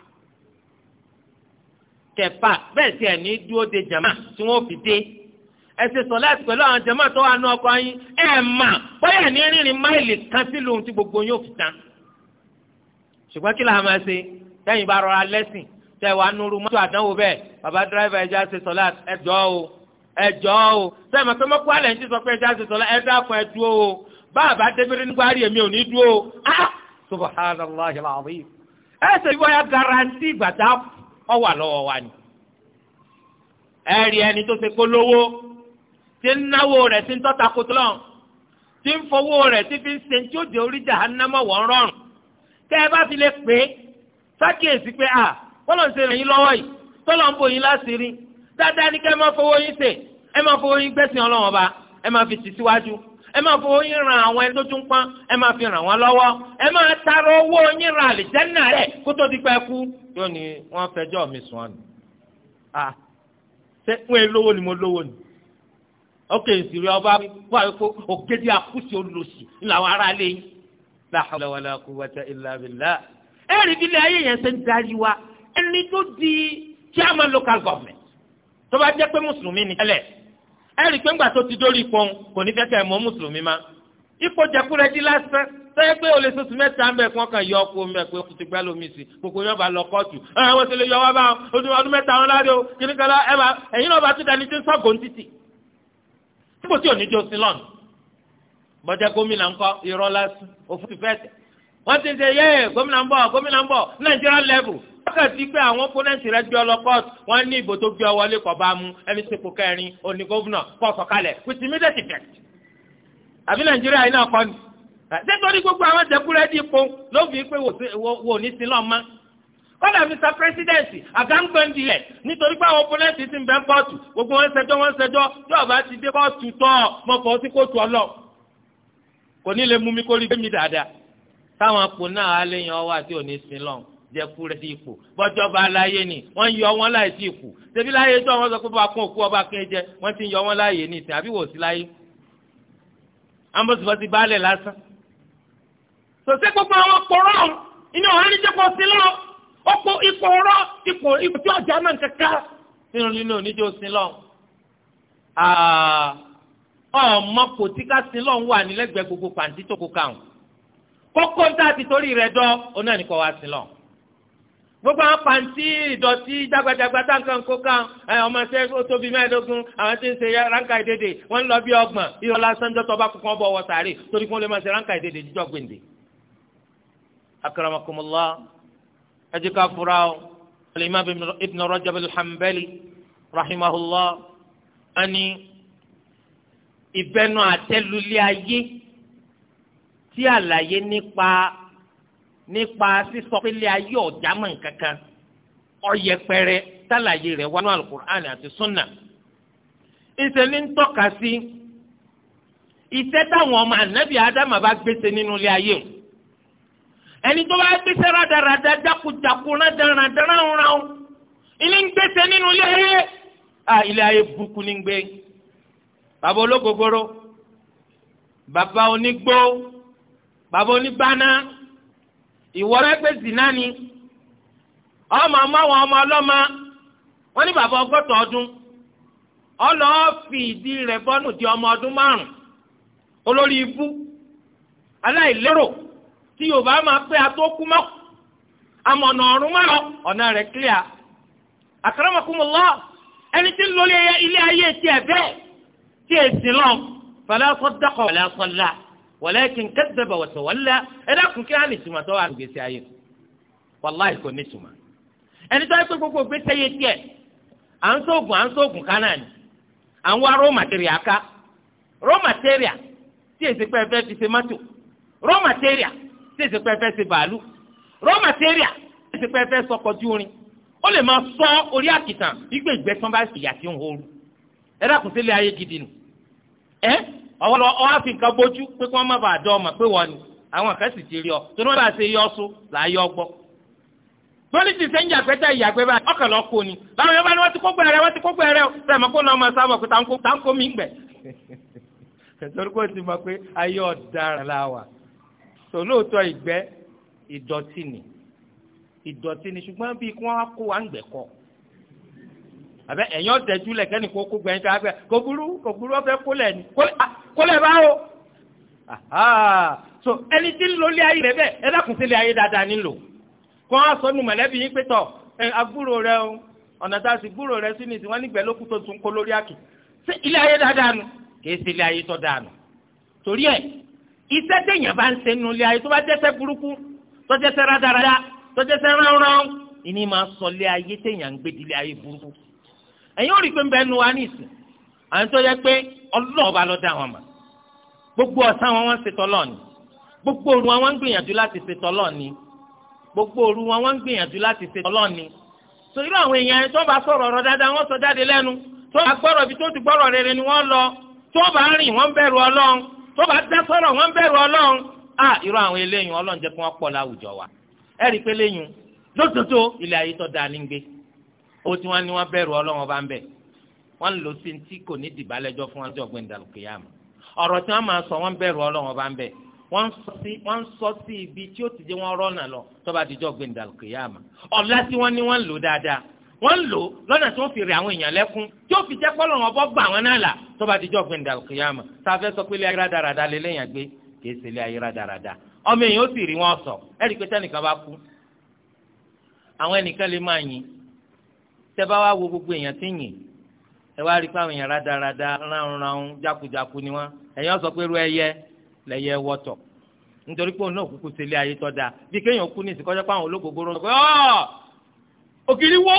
kẹfà bẹ́ẹ̀ tí ẹ̀ ní dúró de jama tí wọ́n fi dé ẹ ṣe sọ láti pẹ̀lú àwọn jama tó wà ní ọkọ yín ẹ̀ mà bóyá ní rìnrìn máìlì kan sílùú tí gbogbo yóò fi tán ṣùgbọ́n kí làá máa ṣe tẹ́yìn bá rọra lẹ́sìn tẹ́ wà nuru mọ́tò àdánwò bẹ́ẹ̀ bàbá dírẹ́fà ẹja ṣe sọ láti ẹjọ́ o ẹjọ́ o sẹ́yìn mọ̀ pé mọ́kú alẹ́ ń ti sọ pé ẹja ṣe sọ láti ẹjọ́ àkọ́ ẹ dúró o báàbá débìrì nígbà rí èmi ò ní dúró o ah subhanallah alazim ẹ ṣe ọ wà lọ́wọ́ wa ni ẹ̀rí ẹni tó ṣe kó lówó tí ń náwó rẹ̀ tí ń tọ́ta kótólọ́ tí ń fowó rẹ̀ tí fi ń ṣe tí ó di orí jahannama wọ́n rọrùn tẹ́ ẹ bá fi lè pè é sákìyèsí pé à bọ́lọ̀ ń ṣe ràn yín lọ́wọ́ yìí tọ́lọ̀ ń bò yín láṣìírí dáadáa ní kẹ́ ẹ máa fowó yín ṣe ẹ máa fowó yín gbẹ́sìn ọlọ́wọ́n ẹ máa fi tì síwájú ẹ máa fowó yín ran àwọn ẹni tó tún pọ́n ẹ máa fi ràn wọ́n lọ́wọ́ ẹ máa taro owó yín ran àlìjẹ́nà rẹ̀ kó tó di pẹ́ kú. yóò ní wọ́n fẹjọ́ mi sùn ọ́ ni à ṣé ń wọ́n lówó ni mo lówó ni ókè ìsìrí ọba wà wípé ògidì àkúsì olùlòsì làwọn aráalé yín. la hawla wala quwwata illa billah ẹ̀rí bí ilé ayé yẹn ṣe ń darí wa ẹni tó di chairman local government tó bá jẹ́ pé mùsùlùmí ni tẹ́lẹ̀ ẹ̀rí pé ńgbà tó ti dórí ipò kò ní fẹ́ kẹ́ ẹ̀ mọ́ mùsùlùmí má ipò jẹkúrẹ́dí lásán sọ́yẹ́ pé olè sọ́sù mẹ́ta ń bẹ̀ kí wọ́n kàn yọ ọkọ mẹ́ pé kùtù gbá lómi sí gbogbo yóò bá lọ kóòtù ẹ̀ wọ́n ti lè yọ wá bá ọdún ọdún mẹ́ta wọn láre o kí ni kala ẹ̀ bá ẹ̀yin náà bá tún dání tí ń sọ́gò ń títì. níbo tí òní jọ sí lọ́n bọ́jà gómìnà ńkọ irọ́ lásán òfin fẹ́ẹ̀tẹ̀ wọ́n ti ń ṣe yẹ́ gómìnà ń bọ̀ gómìnà ń bọ̀ Nàìjíríà level kàn sí pé àwọn opponent rẹ gbé ọ lọ court wọ́n ní ìbò tó gbé ọ wọlé kọ̀ bá mu ẹni sèpò kẹrin òní gómìnà kọ́ sọ̀kalẹ̀ with immediate effect. àbí nàìjíríà yìí náà kọ́ ni. sẹ́tọ́rí gbogbo àwọn jẹ́kúrẹ́ dì po ló fi pé wò ní sílọ̀ mọ́. kọ́dà mr president àgàǹgbọ̀ndì rẹ̀ nítorí pé àwọn opponent ti ń bẹ kóòtù gbogbo wọn ṣẹjọ́ wọn ṣẹjọ́ tí ọba ti dé kóòtù tọ́ mọ̀fọ́ sí kóòtù ọlọ́ kò ní lè mú mi kórìí gbé jẹku rẹ sí ipò bọjọba aláyé ni wọn ń yọ wọn láyé sí ipò ṣebí láyé tó wọn sọ pé bá kún òkú ọba kún jẹ wọn ti ń yọ wọn láyé ní ìsìn àbí wò sí láyé ambosifosi baálẹ̀ lásán sọsẹ gbogbo àwọn kpọrọ ìní ọ̀hán ní jẹ́kọ̀ọ́ sí lọ ọ̀pọ̀ ipò ọ̀rọ̀ ipò ipò tí ọjà náà kẹ̀kẹ́ nínú nínú oníjó sí lọ. ọmọ kò tí ká sí lọ ń wà nílẹ̀gbẹ́ gbogbo pàǹtí tó kó kàn. kókó ń tà ti torí rẹ̀ dọ́ ọ náà ní kò wá sí lọ gbogbo àwọn pàǹtí ìdọ̀tí jágbajàgba táǹkan kó kan ọmọ ṣe ó tóbi mẹ́ẹ̀ẹ́dógún àwọn tí ń ṣe ránkà ìdèdè wọ́n ń lọ bí ọgbọ̀n ìyọ̀ lásán jọ́tọ̀ bá kúkan bọ̀ wọ sàárè torí kí wọ́n lè máa ṣe ránkà ìdèdè jíjọ́ gbèǹde. akaramakumullah ẹ jẹ́ ká fura o ibn rajab alhambali rahimahullah ani ìbẹnu àtẹlulẹ ayé tí àlàyé nípa nípa sísọ pé ilé ayé ọ̀já mọ̀ nǹkankan ọ̀yẹ̀pẹ̀rẹ̀ tálàyé rẹ̀ wá ní alukur'an àti sunna ìṣe ní ń tọ́ka sí iṣẹ́ táwọn ọmọ ànábì ádámà bá gbèsè nínú ilé ayé o ẹni tó bá gbèsè rádaràda jákujàku rádaràda ráhùnráhùn ilé ń gbèsè nínú ilé ayé à ilé ayé burúkú ní gbé bàbá ológogoro bàbá onígbó bàbá onígbáná. ìwọ́rẹ́ pé zina ọmọ àwọn ọmọ ọlọ́mọ wọn ní bàbá ọgọ́ta ọdún ọlọ́ọ́ fi ìdí rẹ̀ bọ́nù di ọmọ ọdún márùn olórí ibú aláìlérò tí yorùbá máa pé atókú mọ́ amọ̀nà ọ̀run ọ̀nà rẹ̀ kílíà ẹni tí ń lórí ilé ayé tiẹ̀ bẹ́ẹ̀ tí èsì lọ fala saddaqa wala walakin kadhaba wa tawalla ẹ dákun kí á lè tuma tó wà ní gbèsè ayé wàláhì kò ní tuma ẹni tó yẹ pé gbogbo gbèsè ayé tiẹ̀ à ń sóògùn à ń sóògùn kan náà ni à ń wá raw material ká raw material tí èsì pé ẹ fẹ́ fi ṣe mọ́tò raw material tí èsì pé fẹ́ ṣe bàálù raw material tí èsì pé fẹ́ sọkọ̀ tí ó lè máa sọ orí àkìtàn ìgbẹ́ ìgbẹ́ bá ṣèyà tí ń horú ẹ ayé gidi nù ẹ́ ọwọ́ lọ ọ wá fi nǹkan bójú pé kí wọ́n má bàa dọ́ ọmọ pé wọ́n ni àwọn kan sì ti rí ọ tó ní wọ́n bá ṣe yọ sún là á yọ gbọ́. pólítì sẹ́ńjà pẹ́tẹ́ ìyàgbẹ́ báyìí ọkàn lọ kó ni báwọn yóò bá ní wọ́n ti kó gbẹ̀rẹ̀ wọ́n ti kó gbẹ̀rẹ̀ sẹ́mi kó lọ́ọ́ máa sábà pé táǹkó mi gbẹ̀. torí kò ti mọ pé ayé ọ̀daràn la wà tòlóòtọ́ ìgbẹ́ ìdọ̀tí ni ìdọ̀tí ni ṣùgbọ́n bíi kí wọ́n wa ń gbẹ̀ á ni kó kólẹ̀ báwo. so ẹni tí ń lo ilé ayé rẹ bẹ́ẹ̀ ẹ dákun sí ilé ayé dáadáa nílò kó wọn sọ nu mọ̀lẹ́bí yín pé tọ̀ agbúrò rẹ o ọ̀nà tá a sì gbúrò rẹ sí ni tí wọ́n nígbẹ́ lókùn tó tún kó lórí àkè sí ilé ayé dáadáa nu kì í ilé ayé tó dáa nu torí ẹ iṣẹ́ téèyàn bá ń ṣe nu ilé ayé tó bá jẹ́sẹ́ burúkú tó jẹ́sẹ́ rádaràdá tó jẹ́sẹ́ ránran ìní ò rí pé ń bẹ́ẹ̀ nu wa ní ìsìn àwọn tó yẹ pé ọlọ́ọ̀ba ló dá wọn mọ̀ gbogbo ọ̀sán wọn wọ́n ń ṣe tọ́lọ́ ni gbogbo òru wọn wọ́n ń gbìyànjú láti ṣe tọ́lọ́ ni gbogbo òru wọn wọ́n ń gbìyànjú láti ṣe tọ́lọ́ ni so irú àwọn èèyàn tó bá sọ̀rọ̀ ọ̀rọ̀ dáadáa wọ́n sọ jáde lẹ́nu tó bá gbọ́rọ̀ bí tó ti gbọ́rọ̀ rere ni wọ́n lọ tó bá rìn wọ́n bẹ̀rù ọlọ́run tó bá dá sọ̀rọ̀ wọ́n bẹ̀rù ọlọ́run à irú àwọn eléyìn ọlọ́run jẹ́ kí wọ́n pọ̀ láwùjọ wa ẹ rí i pé wọ́n ń lò sí ti kò ní dìbàlẹ́jọ́ fún ọjọ́ gbẹ̀ndàlùkìyàmù ọ̀rọ̀ tí wọ́n máa sọ wọ́n bẹ̀rù ọlọ́wọ́n bá ń bẹ̀ wọ́n sọ sí ibi tí ó ti jẹ́ wọ́n rọ́nà lọ tó bá dijọ́ gbẹ̀ndàlùkìyàmù ọ̀la tí wọ́n ní wọ́n ń lò dáadáa wọ́n ń lò lọ́nà tí wọ́n fi rẹ̀ àwọn èèyàn lẹ́kún tí ó fi jẹ́ pọ́lọ̀ wọn bọ́ gbà wọn náà là tó bá dijọ́ gbẹ̀ndàlùkìyàmù sáfẹ́ sọ pé ilé ayé rádaràda lélẹ́yìn àgbé ẹ wá rí i pé àwọn èèyàn ránranrun jákujáku ni wọn ẹyẹ lẹyẹ wọtọ nítorí pé òun náà kúkú sílé ayé bí kéèyàn kú ní sọ pé ọ́ ògiri wo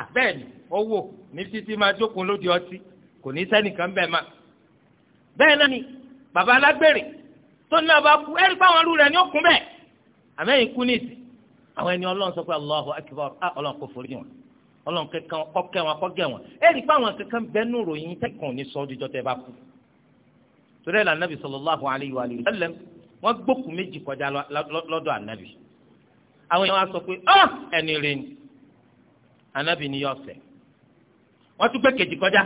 àbẹ́ẹ̀ ni ní títí máa jókòó lóde ọtí kò ní bẹ́ẹ̀ bàbá alágbèrè tó ní kú rẹ̀ ní òkun bẹ́ẹ̀ kú ní ìsìn àwọn ẹni sọ pé ọlọ́run kankan kọ́kẹ́ wọn kọ́gẹ́ wọn ẹ rí i pé àwọn kankan bẹ́ẹ̀ ròyìn tẹ́kàn ní sọ́ọ́ díjọ́ tẹ́ bá kú. torí ẹ̀ la nàbì sallallahu alayhi wa sallam wọ́n gbókùn méjì kọjá lọ́dọ̀ ànábì àwọn èèyàn wa sọ pé ọ́ ẹni rè ni ànábì ni yọ ọ̀sẹ̀ wọ́n tún gbé kejì kọjá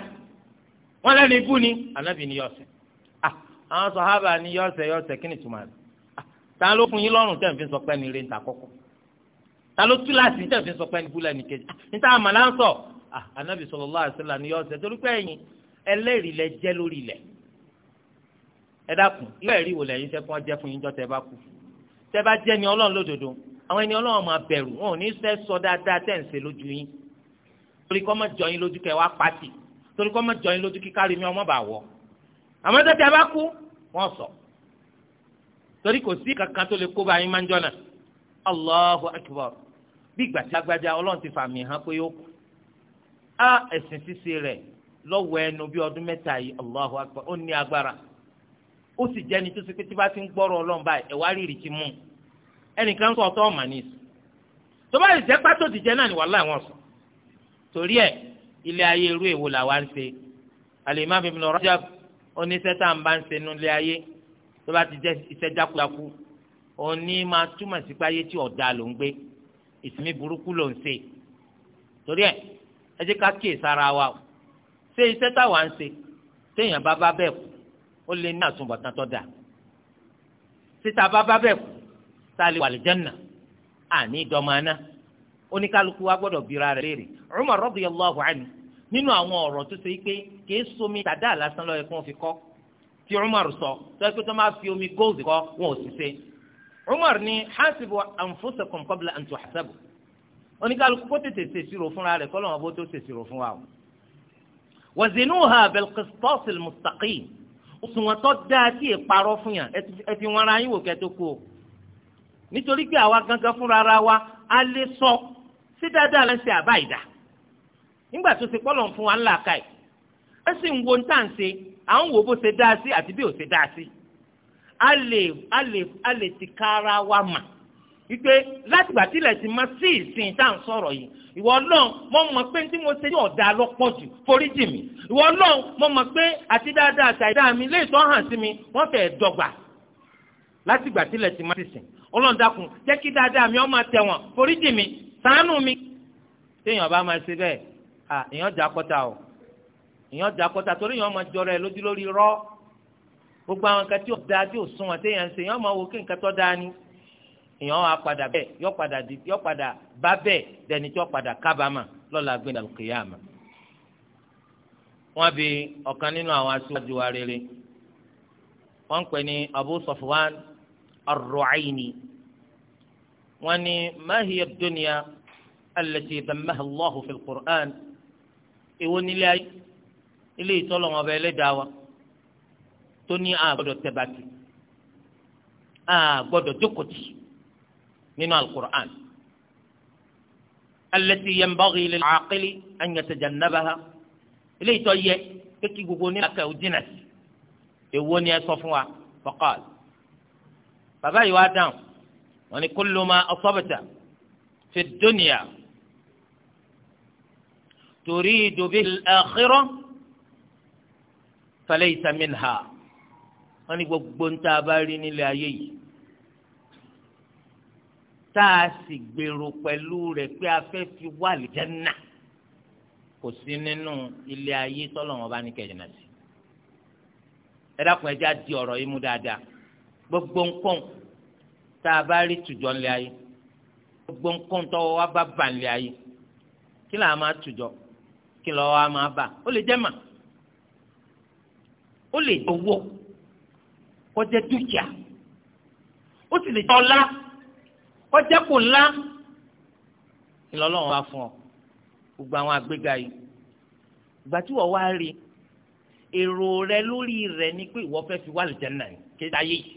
wọ́n lẹ́nu ibú ni ànábì ni yọ ọ̀sẹ̀ àwọn sàhábà ni yọ ọ̀sẹ̀ yọ ọ̀sẹ̀ kí ni tùmọ̀ rẹ̀ ta ló fún yín lọ́rùn tẹ̀ ta ló túláàsì tẹ̀ fi sọ kula ẹni búlẹ̀ nìkejì níta àmàlà ń sọ anabi sallallahu alaihi ni yọ ọsẹ torí pé ẹ̀yin ẹlẹ́rìí lẹ jẹ́ lórí ilẹ̀ ẹ dákun irú wò lẹ́yìn iṣẹ́ kí wọ́n fún yín jọ́ tẹ́ bá kú tẹ́ bá jẹ́ ni ọlọ́run lódodo àwọn ẹni ọlọ́run máa bẹ̀rù wọn ò ní fẹ́ sọ dáadáa tẹ̀ ń ṣe lójú yín torí kọ́ mọ́ jọyín lójú kẹ́ wá pàtì torí kọ́ mọ́ jọyín lójú kí kárí mi ọmọ bá wọ̀ àmọ́ tẹ́ tẹ́ bá kú wọ́n sọ torí kò sí kankan tó lè kó bá yín máa allahu akbar bí ìgbà tí agbájá ọlọ́run ti fàmì hàn pé ó kú á ẹ̀sìn ṣíṣe rẹ̀ lọ́wọ́ ẹnu bí ọdún mẹ́ta yìí allahu akbar ó ní agbára ó sì jẹ́ni tó ṣe pé tí bá ti ń gbọ́rọ̀ ọlọ́run báyìí ẹ̀wá rírì ti mú ẹnìkan sọ ọtọ́ ọ̀mà ní ìsìn tó bá lè jẹ́ pátó ti jẹ́ náà ni wàhálà wọn sọ torí ẹ̀ ilé ayé irú èwo làwa ń ṣe Al-Imam Ibn Rajab oníṣẹ́ tá à ń bá ń ṣe nílé ayé tó bá ti jẹ́ iṣẹ́ jákujáku òní máa túmọ̀ sí pé ayé tí ọ̀dà ló ń gbé ìsinmi burúkú ló ń ṣe torí ẹ ẹ jẹ́ ká kíyè sára wa o ṣé iṣẹ́ táwa ń ṣe téèyàn bá bá bẹ́ẹ̀ kú ó lè ní àtúbọ̀tán tó dà síta bá bá bẹ́ẹ̀ kú tá a lè wà lè jẹ́nà àní ìdọ́mọ́ná oníkálukú wa gbọ́dọ̀ bira rẹ̀ léèrè Umar radiyallahu anhu nínú àwọn ọ̀rọ̀ tó ṣe pé kì í somi tàdá lásán lọ́yẹ̀ kí wọ́n fi kọ́ tí Umar sọ tó yẹ pé tó máa fi omi góòlù kọ́ wọn ò sì ṣe Umar ní hasibu anfusakum qabla an tuhsabu oníkàlùkù kó tètè ṣèṣirò fúnra rẹ̀ kọlọmọ bó tó ṣèṣirò fún wa o wazinuha bilqistas almustaqim òṣùwọ̀n tó dáa tí ìparọ́ fún yàn ẹ fi wọn ra yín wò kẹ́tó kú o nítorí pé àwa gangan fúnra ara wa a lè sọ sí dáadáa lẹ́sẹ̀ àbá ìdá nígbà tó ṣe pọ́lọ̀ fún wa ńlá ka ẹ̀ ẹ sì wo ní tàǹsẹ̀ à ń wo bó ṣe dáa sí àti bí ò ṣe dáa sí a lè a lè a lè ti kára wa mà wípé látìgbà tílẹ̀ ti máa sí ìsìn tá à ń sọ̀rọ̀ yìí ìwọ náà mo mọ̀ pé tí mo ṣe ní ọ̀dà lọ́pọ̀ jù forí jì mí ìwọ náà mo mọ̀ pé àti dáadáa àtàìdá mi lè tọ́ hàn sí mi wọ́n fẹ́ dọ́gba látìgbà tílẹ̀ ti máa sí ìsìn ọlọ́run dákun jẹ́ kí dáadáa mi ó máa tẹ̀wọ̀n forí jì mí ṣàánú mi. téèyàn bá máa ṣe bẹ́ẹ̀ à èèyàn jà kọ́ta o èèyàn jà kọ́ta torí èèyàn máa jọra ẹ lójú lórí rọ́ọ́ gbogbo àwọn kan tí ò da tí ò sún wọn téèyàn ń ṣe yẹn ọmọ wo kí nǹkan tó da ni èèyàn wà padà bẹ́ẹ̀ yọ padà di yọ padà bá bẹ́ẹ̀ dẹni tí ó padà kábàámà lọ́la gbé al-qiyāmah. wọ́n bi ọ̀kan nínú àwọn aṣáájú wa rere wọ́n ń pè ní Abu Safwan ar-Ru'ayni wọ́n ní ma hiya ad-dunya allati dammaha ìwọ nílé ayé ilé ìtọ́lọ́wọ́n ọba ẹlẹ́dàá wa. tó ní a gbọ́dọ̀ tẹbàtì a gbọ́dọ̀ jókòtì nínú alukur'an alẹsi yẹnbọgì ilẹ àkìlì ẹnyẹtẹjà nàbàhà ilé ìtọ yẹ kékeré gbogbo ní akẹwò jìnnà sí èwo ni ẹ sọ fún wa fọkàl bàbá enyeteja ha wá dáhùn wọn ni kúlù ma ọsọbìtà fi dúnìyà torí ẹ̀ ìdòbí àkìrọ fẹlẹ ha. wọ́n ní gbogbo ń tá a bá rí nílé ayé yìí tá a sì gbèrò pẹ̀lú rẹ̀ pé a fẹ́ fi wà lìjẹ́nà kò sí nínú ilé ayé tọ́lọ̀ wọn bá ní kẹ̀yìnà sí. ẹ dákun ẹja di ọ̀rọ̀ yìí mú dáadáa gbogbo nǹkan tá a bá rí tùjọ́ ńlẹ̀ ayé gbogbo nǹkan tọ́wọ́ wa bá bà ńlẹ̀ ayé kí làá máa tùjọ́ kí lọ́wọ́ wa máa bà ó lè jẹ́ mà ó lè jẹ́ owó kó jẹ́ dúkìá ó sì lè jẹ́ ọlá kó jẹ́ kò ńlá ìlọlọ́run wá fún ọ gbogbo àwọn àgbéga yìí ìgbà tí wọ́n wá rí èrò rẹ lórí rẹ ni pé ìwọ fẹ́ fi wà lè jẹ́nà kí ayé yìí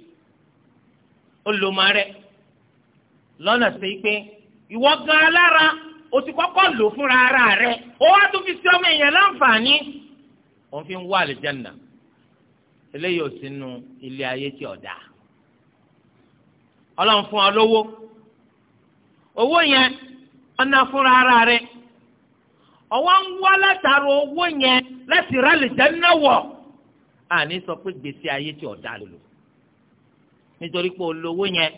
ó lo ma rẹ lọ́nà sí pé ìwọ gan alára o ti kọ́kọ́ lò fúnra ara rẹ ó wá tún fi sí ọmọ èèyàn láǹfààní òun fi ń wà lè jẹ́nà. eléyìí ò sínú ilé ayé tí ọ̀dà ọlọ́run fún ọ lówó owó yẹn ọ̀nà fúnra ara rẹ ọwọ́ ń wá látara owó yẹn láti rálẹ̀ jẹ́nà àní sọ pé gbèsè ayé tí ọ̀dà lò nítorí pé olówó yẹn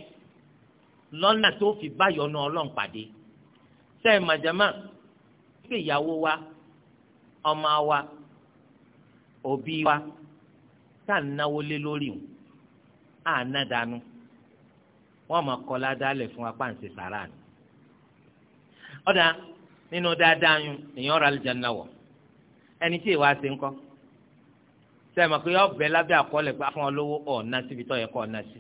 lọ́nà tó fi báyọ̀ nu ọlọ́run pàdé sẹ́yìn màjàmá wa ọmọ wa òbí wa. tá à ń náwó lé lórí o à ń ná dànù wọ́n máa kọ́ ládàálẹ̀ fún apá àǹsẹ̀ sàrà ni. ọ̀dà nínú dáadáa yun èèyàn ra àlùjánnà wọ̀ ẹni tí ìwà ṣe ń kọ́ sẹ́mi pé ọbẹ̀ lábẹ́ àkọọ́lẹ̀ pé afọ́n olówó ọ̀ọ́nà síbi tó yẹ kọ́ ọ̀ọ́nà sí.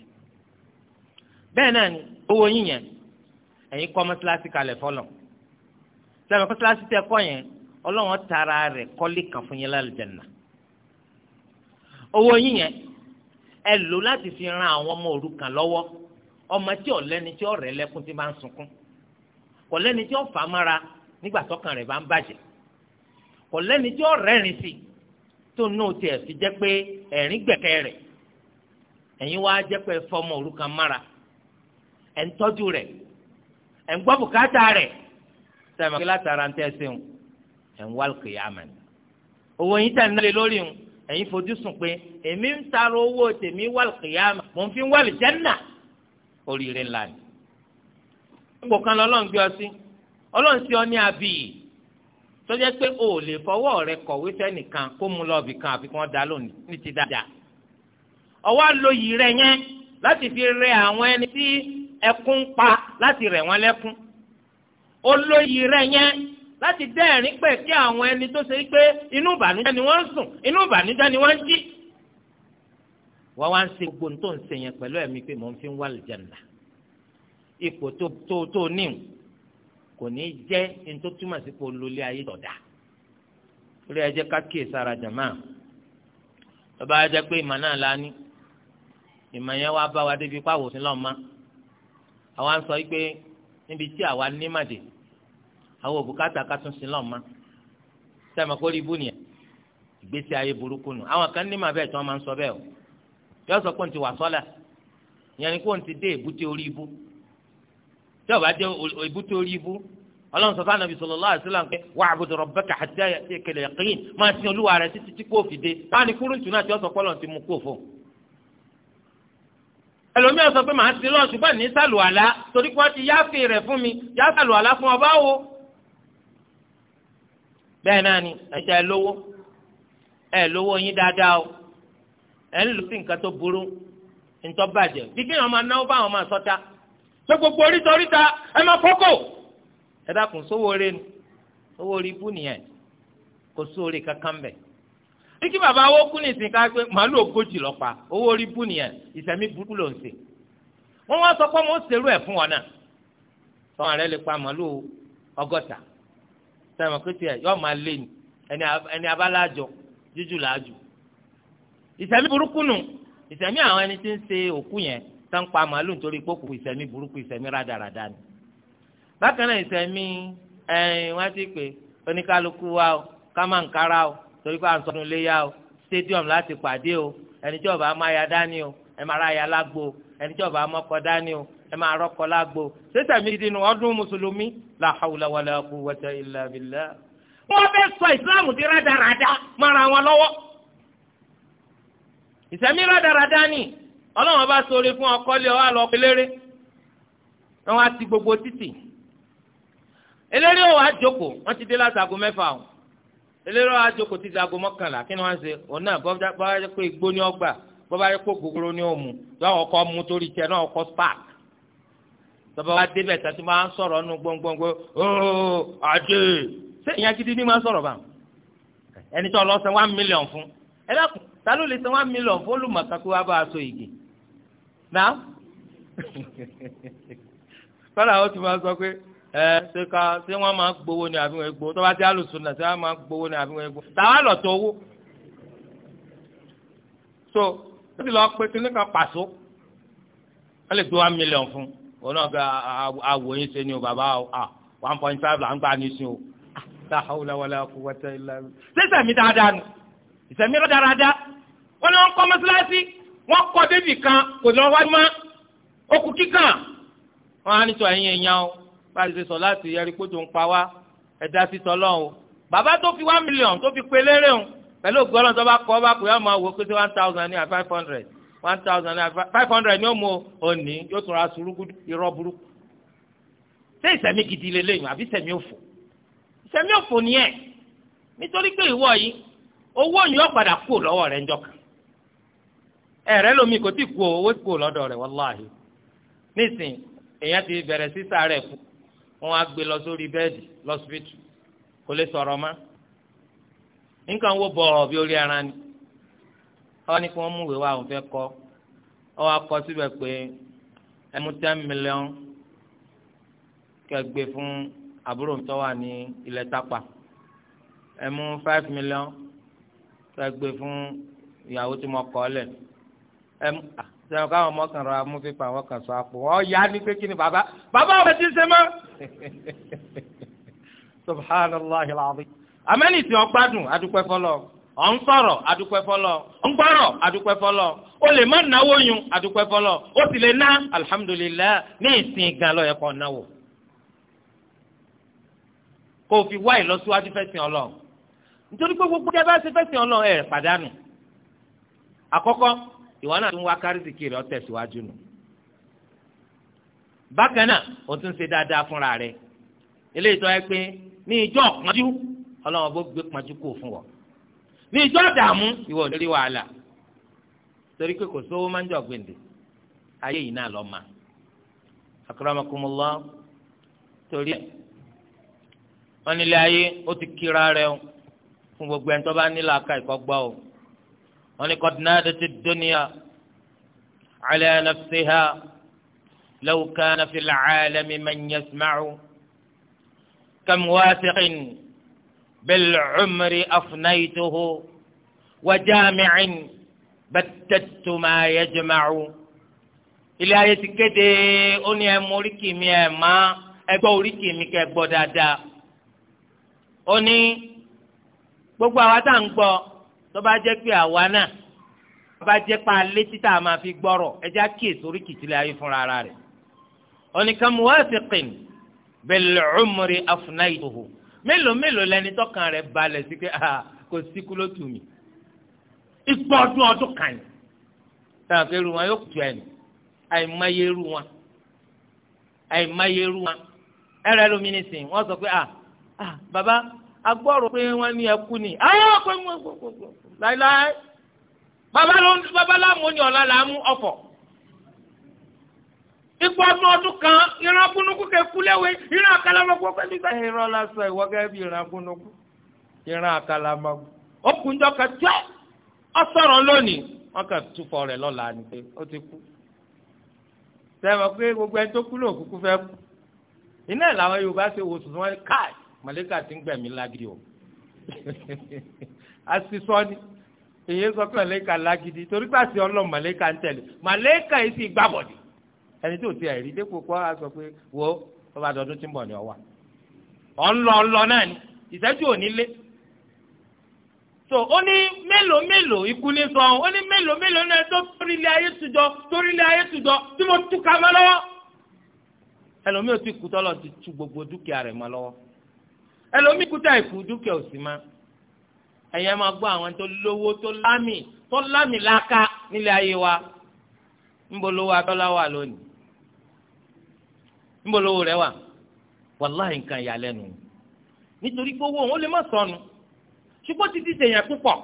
bẹ́ẹ̀ náà ni owó yín yẹn ẹ̀yin kọ́ mọ́sálásí kalẹ̀ fọlọ̀ sẹ́mi pé mọ́sálásí tẹ kọ́ yẹn ọlọ́wọ́n tara rẹ̀ kọ́lé kan fún yín lálùjánnà owó yín yẹn ẹ lò láti fi ran àwọn ọmọ òrukàn lọ́wọ́ ọmọ tí ò lẹ́ni tí ó rẹ̀ lẹ́kún tí bá ń sunkún kò lẹ́ni tí ó fà á mára nígbà tọ́kàn rẹ̀ bá ń bàjẹ́ kò lẹ́ni tí ó rẹ́rìn sí tó náà tiẹ̀ fi jẹ́ pé ẹ̀rín gbẹ̀kẹ́ rẹ̀ ẹ̀yin wá jẹ́ pé fọmọ òrukàn mára ẹ̀ ń tọ́jú rẹ̀ ẹ̀ ń gbọ́ bùkátà rẹ̀ sẹ́mi kí látara ń tẹ́ sí ẹ̀ ń wá kìyàmẹ́ ẹ̀yin fojú sùn pé èmi ń taro owó tèmi wàlù kìyàmà mò ń fi wàlù jẹ́nà oríire ńlá ni. nígbò kan lọ́lọ́run gbé ọ sí ọlọ́run sí ọ ní abiyì tó jẹ́ pé o ò lè fọwọ́ rẹ kọ̀wé fẹ́nìkan kó mu lọ ibìkan àfi kan dá lónìí ní ti dáadáa. ọwọ́ àlòyì rẹ yẹn láti fi rẹ àwọn ẹni tí ẹkún pa láti rẹ̀ wọ́n lẹ́kún. olóyì rẹ yẹn láti dẹ́rìn pẹ̀ kí àwọn ẹni tó ṣe pé inú ìbànújẹ́ ni wọ́n ń sùn inú ìbànújẹ́ ni wọ́n ń jí. wọ́n wá ń ṣe gbogbo tó ń ṣe yẹn pẹ̀lú ẹ̀mí pé mò ń fi ń wá àlùjánnà ipò tó tó tó níwò kò ní jẹ́ ní tó túmọ̀ sí pé olólè ayé tọ̀dà orí ẹ̀jẹ̀ kákìí sára jàmá ọba ẹ̀jẹ̀ pé ìmọ̀ náà la ní ìmọ̀ yẹn wá bá wa débi pàwọ̀ sí ma àwa ń sọ pé níbi tí àwa ní màdè àwọn òbúkátà ká tún sílọ̀ mọ́ sẹ́mi kó rí ibú nìyẹn ìgbésí ayé burúkú nù àwọn kan ní màá bẹ́ẹ̀ tí wọ́n máa ń sọ bẹ́ẹ̀ o yọ sọ pé n ti wà sọ́là ìyẹn ni kó n ti dé èbúté orí ibú tí o bá dé èbúté orí ibú ọlọ́run sọ fún anabi sallallahu alaihi wasallam pé wa'budu rabbaka hatta ya'tiyakal yaqin máa sin olúwa rẹ títí tí kò fi dé báwo ni kúrúntù náà tí wọ́n sọ pé ọlọ́run ti mú kó fún un ẹlòmíràn sọ pé màá sin lọ ní sàlùwàlá torí pé wọ́n ti yáfẹ́ rẹ̀ fún mi yáfẹ́ àlùwàlá fún ọba wo bẹ́ẹ̀ náà ni ẹ̀jẹ̀ ẹ lówó ẹ lówó yín dáadáa o ẹ̀ ń sí nǹkan tó burú ntọ́ bàjẹ́ bí máa náwó báwọn máa sọ́ta oríta oríta ẹ máa fọ́kọ̀ ẹ dákun sówó oore nu owó orí ibú nìyẹn kò sóore kankan bẹ̀ bàbá owó kú ní pé màálù ogójì lọ́pa owó wọ́n sẹ́mi pété ẹ̀ yọ́ọ́ máa lé ni ẹni abálájọ jíjù làájù ìsẹ̀mí burúkú nù ìsẹ̀mí àwọn ẹni tí ń ṣe òkú yẹn tán pa màálù nítorí pé òkú ìsẹ̀mí burúkú ìsẹ̀mí rádaràda ni bákan náà ìsẹ̀mí ẹ̀ẹ́n wọ́n ti pè oníkálukú wa o kámánkárá o torí pé à ń sọdún léyà o stadium láti pàdé o ẹni tí ọba máa ya dání o ẹ ẹ máa rọ́kọ lágbo ṣètà mi dínú ọdún mùsùlùmí la hawla wala quwwata illa billah. wọ́n fẹ́ sọ ìsìláàmù di rádaràda mọ́ra wọn lọ́wọ́. ìsẹ̀mí rádaràda ni ọlọ́run bá sọ̀rọ̀ fún ọkọ́lé ọ àlọ́ eléré wọn á ti gbogbo títì. eléré ò wá jókòó wọ́n ti dé látago mẹ́fà o eléré ò wá jókòó ti dago mọ́kànlá kí ni wọ́n ṣe òun náà bọ́ bá yẹ kó igbó ní ọgbà bọ́ bá yẹ kó gogoro ní òmù yọ ọkọ̀ mu torí tiẹ̀ náà ọkọ̀ spark tọ́ba wa débẹ̀ tàbí máa ń sọ̀rọ̀ nù gbọ̀ngbọ̀ngbò ooo àdé ṣé ìyẹn gidi ni máa ń sọ̀rọ̀ bá ẹni tó lọ san one million fún ẹ dákun ta ló lè san one million fún olùmọ̀ọ́ká pé wàá bá a so ìgè náà kọ́lá ó ti máa sọ pé ẹ ṣe ká ṣé wọ́n máa gbowó ni àbí wọ́n gbowó tọ́ba tí alùsùn náà ṣé wọ́n máa gbowó ni àbí wọ́n gbowó tàwa lọ tó owó so ó ti lọ pé kíní kan pàṣọ wọ́n lè gbé one million fún òun náà bẹ àwò yín ṣe ni o bàbá ah, one point five là ń gbà nísìn o ah, láhàúlà wàlà quwwata illa billah. sísè mi dáadáa nù ìsẹ̀mí rádaràda wọn ni wọn kọ́ mọ́sálásí wọn kọ́ débì kan kò ní wọn wá mọ́ okùn kíkan wọn á nítorí ẹ̀yìn ẹ̀yàn o bá a ṣe sọ láti yẹri kó tó ń pa wá ẹ̀dá sí tọ́lọ́ o bàbá tó fi one million tó fi pelére o pẹ̀lú ògbọ́n náà tó bá kọ́ bá pè é ọmọ wò pé one thousand ní five hundred one thousand five hundred ni ó mú o ní yóò tún ra suruku irọ́ burúkú ṣé ìsẹ̀mí gidi lélẹ́yìn àbí ìsẹ̀mí òfò ìsẹ̀mí òfò nìyẹn nítorí pé ìwọ yìí owó yìí ó padà kú lọ́wọ́ rẹ̀ ńjọ́ kan ẹ̀rẹ́ lomi kò tí kú owó kú lọ́dọ̀ rẹ̀ wàláhì nísìn èèyàn ti bẹ̀rẹ̀ sísá rẹ̀ kú wọn á gbé lọ sórí bẹ́ẹ̀dì lọ́sibítù kò lè sọ̀rọ̀ mọ́ nǹkan wo bọ̀ ọ̀ bí orí ara ni wọ́n ní kí wọ́n mú ìwé wa òun fẹ́ kọ ọ wá kọ síbẹ̀ pé ẹ mú ten million kẹgbẹ́ fún àbúrò mi tó wà ní ilẹ̀ tápà ẹ mú five million kẹgbẹ́ fún ìyàwó tí mo kọ́ lẹ̀ ẹ mú sẹ́wọ̀n káwọn ọmọ kan rọra mú pípa àwọn kan sọ àpò ọ yá ni pé kí ni bàbá bàbá ọ̀rẹ́ ti ṣe mọ́ subhanallah alazim amẹ́nìtì ọgbádùn adúpẹ́ fọlọ́ ọ̀ ń sọ̀rọ̀ adúpẹ́ fọlọ́ ń adúpẹ́ fọlọ́ o lè má náwó yun adúpẹ́ fọlọ́ o sì lè ná alihamudulilayi ní ìsìn gan lọ́yẹ kọ́ náwó kó o fi wá ìlọsíwájú fẹ́sìn ọlọ́run nítorí pé gbogbo ẹ bá ṣe fẹ́sìn ọlọ́run ẹ̀ pàdánù àkọ́kọ́ ìwọ náà tún wá kárìsì kiri ọ tẹ̀síwájú nù bákan náà o tún ṣe dáadáa fúnra rẹ eléyìí tó yẹ pé ní ìjọ ọ̀pọ̀njú ọlọ́run bó gbé pọ̀njú kò fún wọn ní ìjọ dààmú ìwọ ò ní rí wàhálà torí pé kò sówó máa ń jọ gbèǹde ayé yìí náà lọ mà akramakumullah torí ẹ wọn nílé ayé ó ti kíra rẹ o fún gbogbo ẹni tó bá nílò aka ìkọ gbọ o wọn ní qadnadati dunya ala nafsiha law kana fil alami man yasma'u kam wasiqin. بالعمر أفنيته وجامع بتت ما يجمع ilé ayé ti kéde ó ní ẹ mú oríkì mi ẹ má ẹ gbọ́ oríkì mi kẹ́ gbọ́ dáadáa ó ní gbogbo àwa tá à ń gbọ́ tó bá jẹ́ pé àwa náà tó bá jẹ́ pé alé títà máa fi gbọ́rọ̀ ẹ kíyèsí oríkì tí ilé ayé fúnra ara rẹ̀ ó ní kàmú wá sí kìn bil umri afnaytuhu mélòó mélòó lẹni tọkàn rẹ̀ balẹ̀ sí pé kò síkú ló tù mí ipò ọdún ọdún kan yìí táwọn akérò wọn yóò tu ẹnu àìmáyé irú wọn àìmáyé irú wọn ẹrẹ lómi ní sìn wọn sọ pé ah ah bàbá agbọ́rò pé wọ́n ní ẹkú ni ayọ́ pé wọ́n láíláí bàbá láàmú ni ọ̀la làámú ọ̀fọ̀ ipò ọmọ ọdún kan ìran abúnukú kẹkú lẹ́wẹ̀ ìran àkàlàmọ́gbò pẹ̀lú ìgbà ìran lásán ìwọ gẹ́gẹ́ bí ìran abúnukú ìran àkàlàmọ́gbò ọkùnjọ kan tíọ́ ọsọ̀rọ̀ lónìí wọ́n kàn túfọ̀ rẹ̀ lọ́la ni pé ó ti kú sẹ́wọ̀n pé gbogbo ẹni tó kú ló kúkú fẹ́ kú iná làwọn Yorùbá ṣe wò sùn wọn káì màlẹ́kà ti ń gbẹ̀mí lágidi o asisọ ni èyí sọ pé màlẹ́kà lágidi torí pàṣẹ ọlọ́ màlẹ́kà ń tẹ̀lé màlẹ́kà yìí sì gbàbọ̀dì ẹni tó ti ẹ̀rí dépò kó a sọ pé wo tó bá dọdún tí ń bọ̀ ní ọwà ọ̀nlọ náà ni ìṣẹ́jú ò ní lé so ó ní mélòó mélòó ikú ní sọ ó ní mélòó mélòó náà tó ilé ayé tùjọ ilé ayé tùjọ tí mo mọ́ lọ́wọ́ ẹlòmíì ò ti kú tọ́lọ̀ ma gbọ́ àwọn tó lówó tó lámì tó lámì láka nílé ayé wa ń níbo lówó rẹ wà wàláhì nǹkan ìyàlẹ́nu nítorí pé owó ó lè má sọnù ṣùgbọ́n ti ti púpọ̀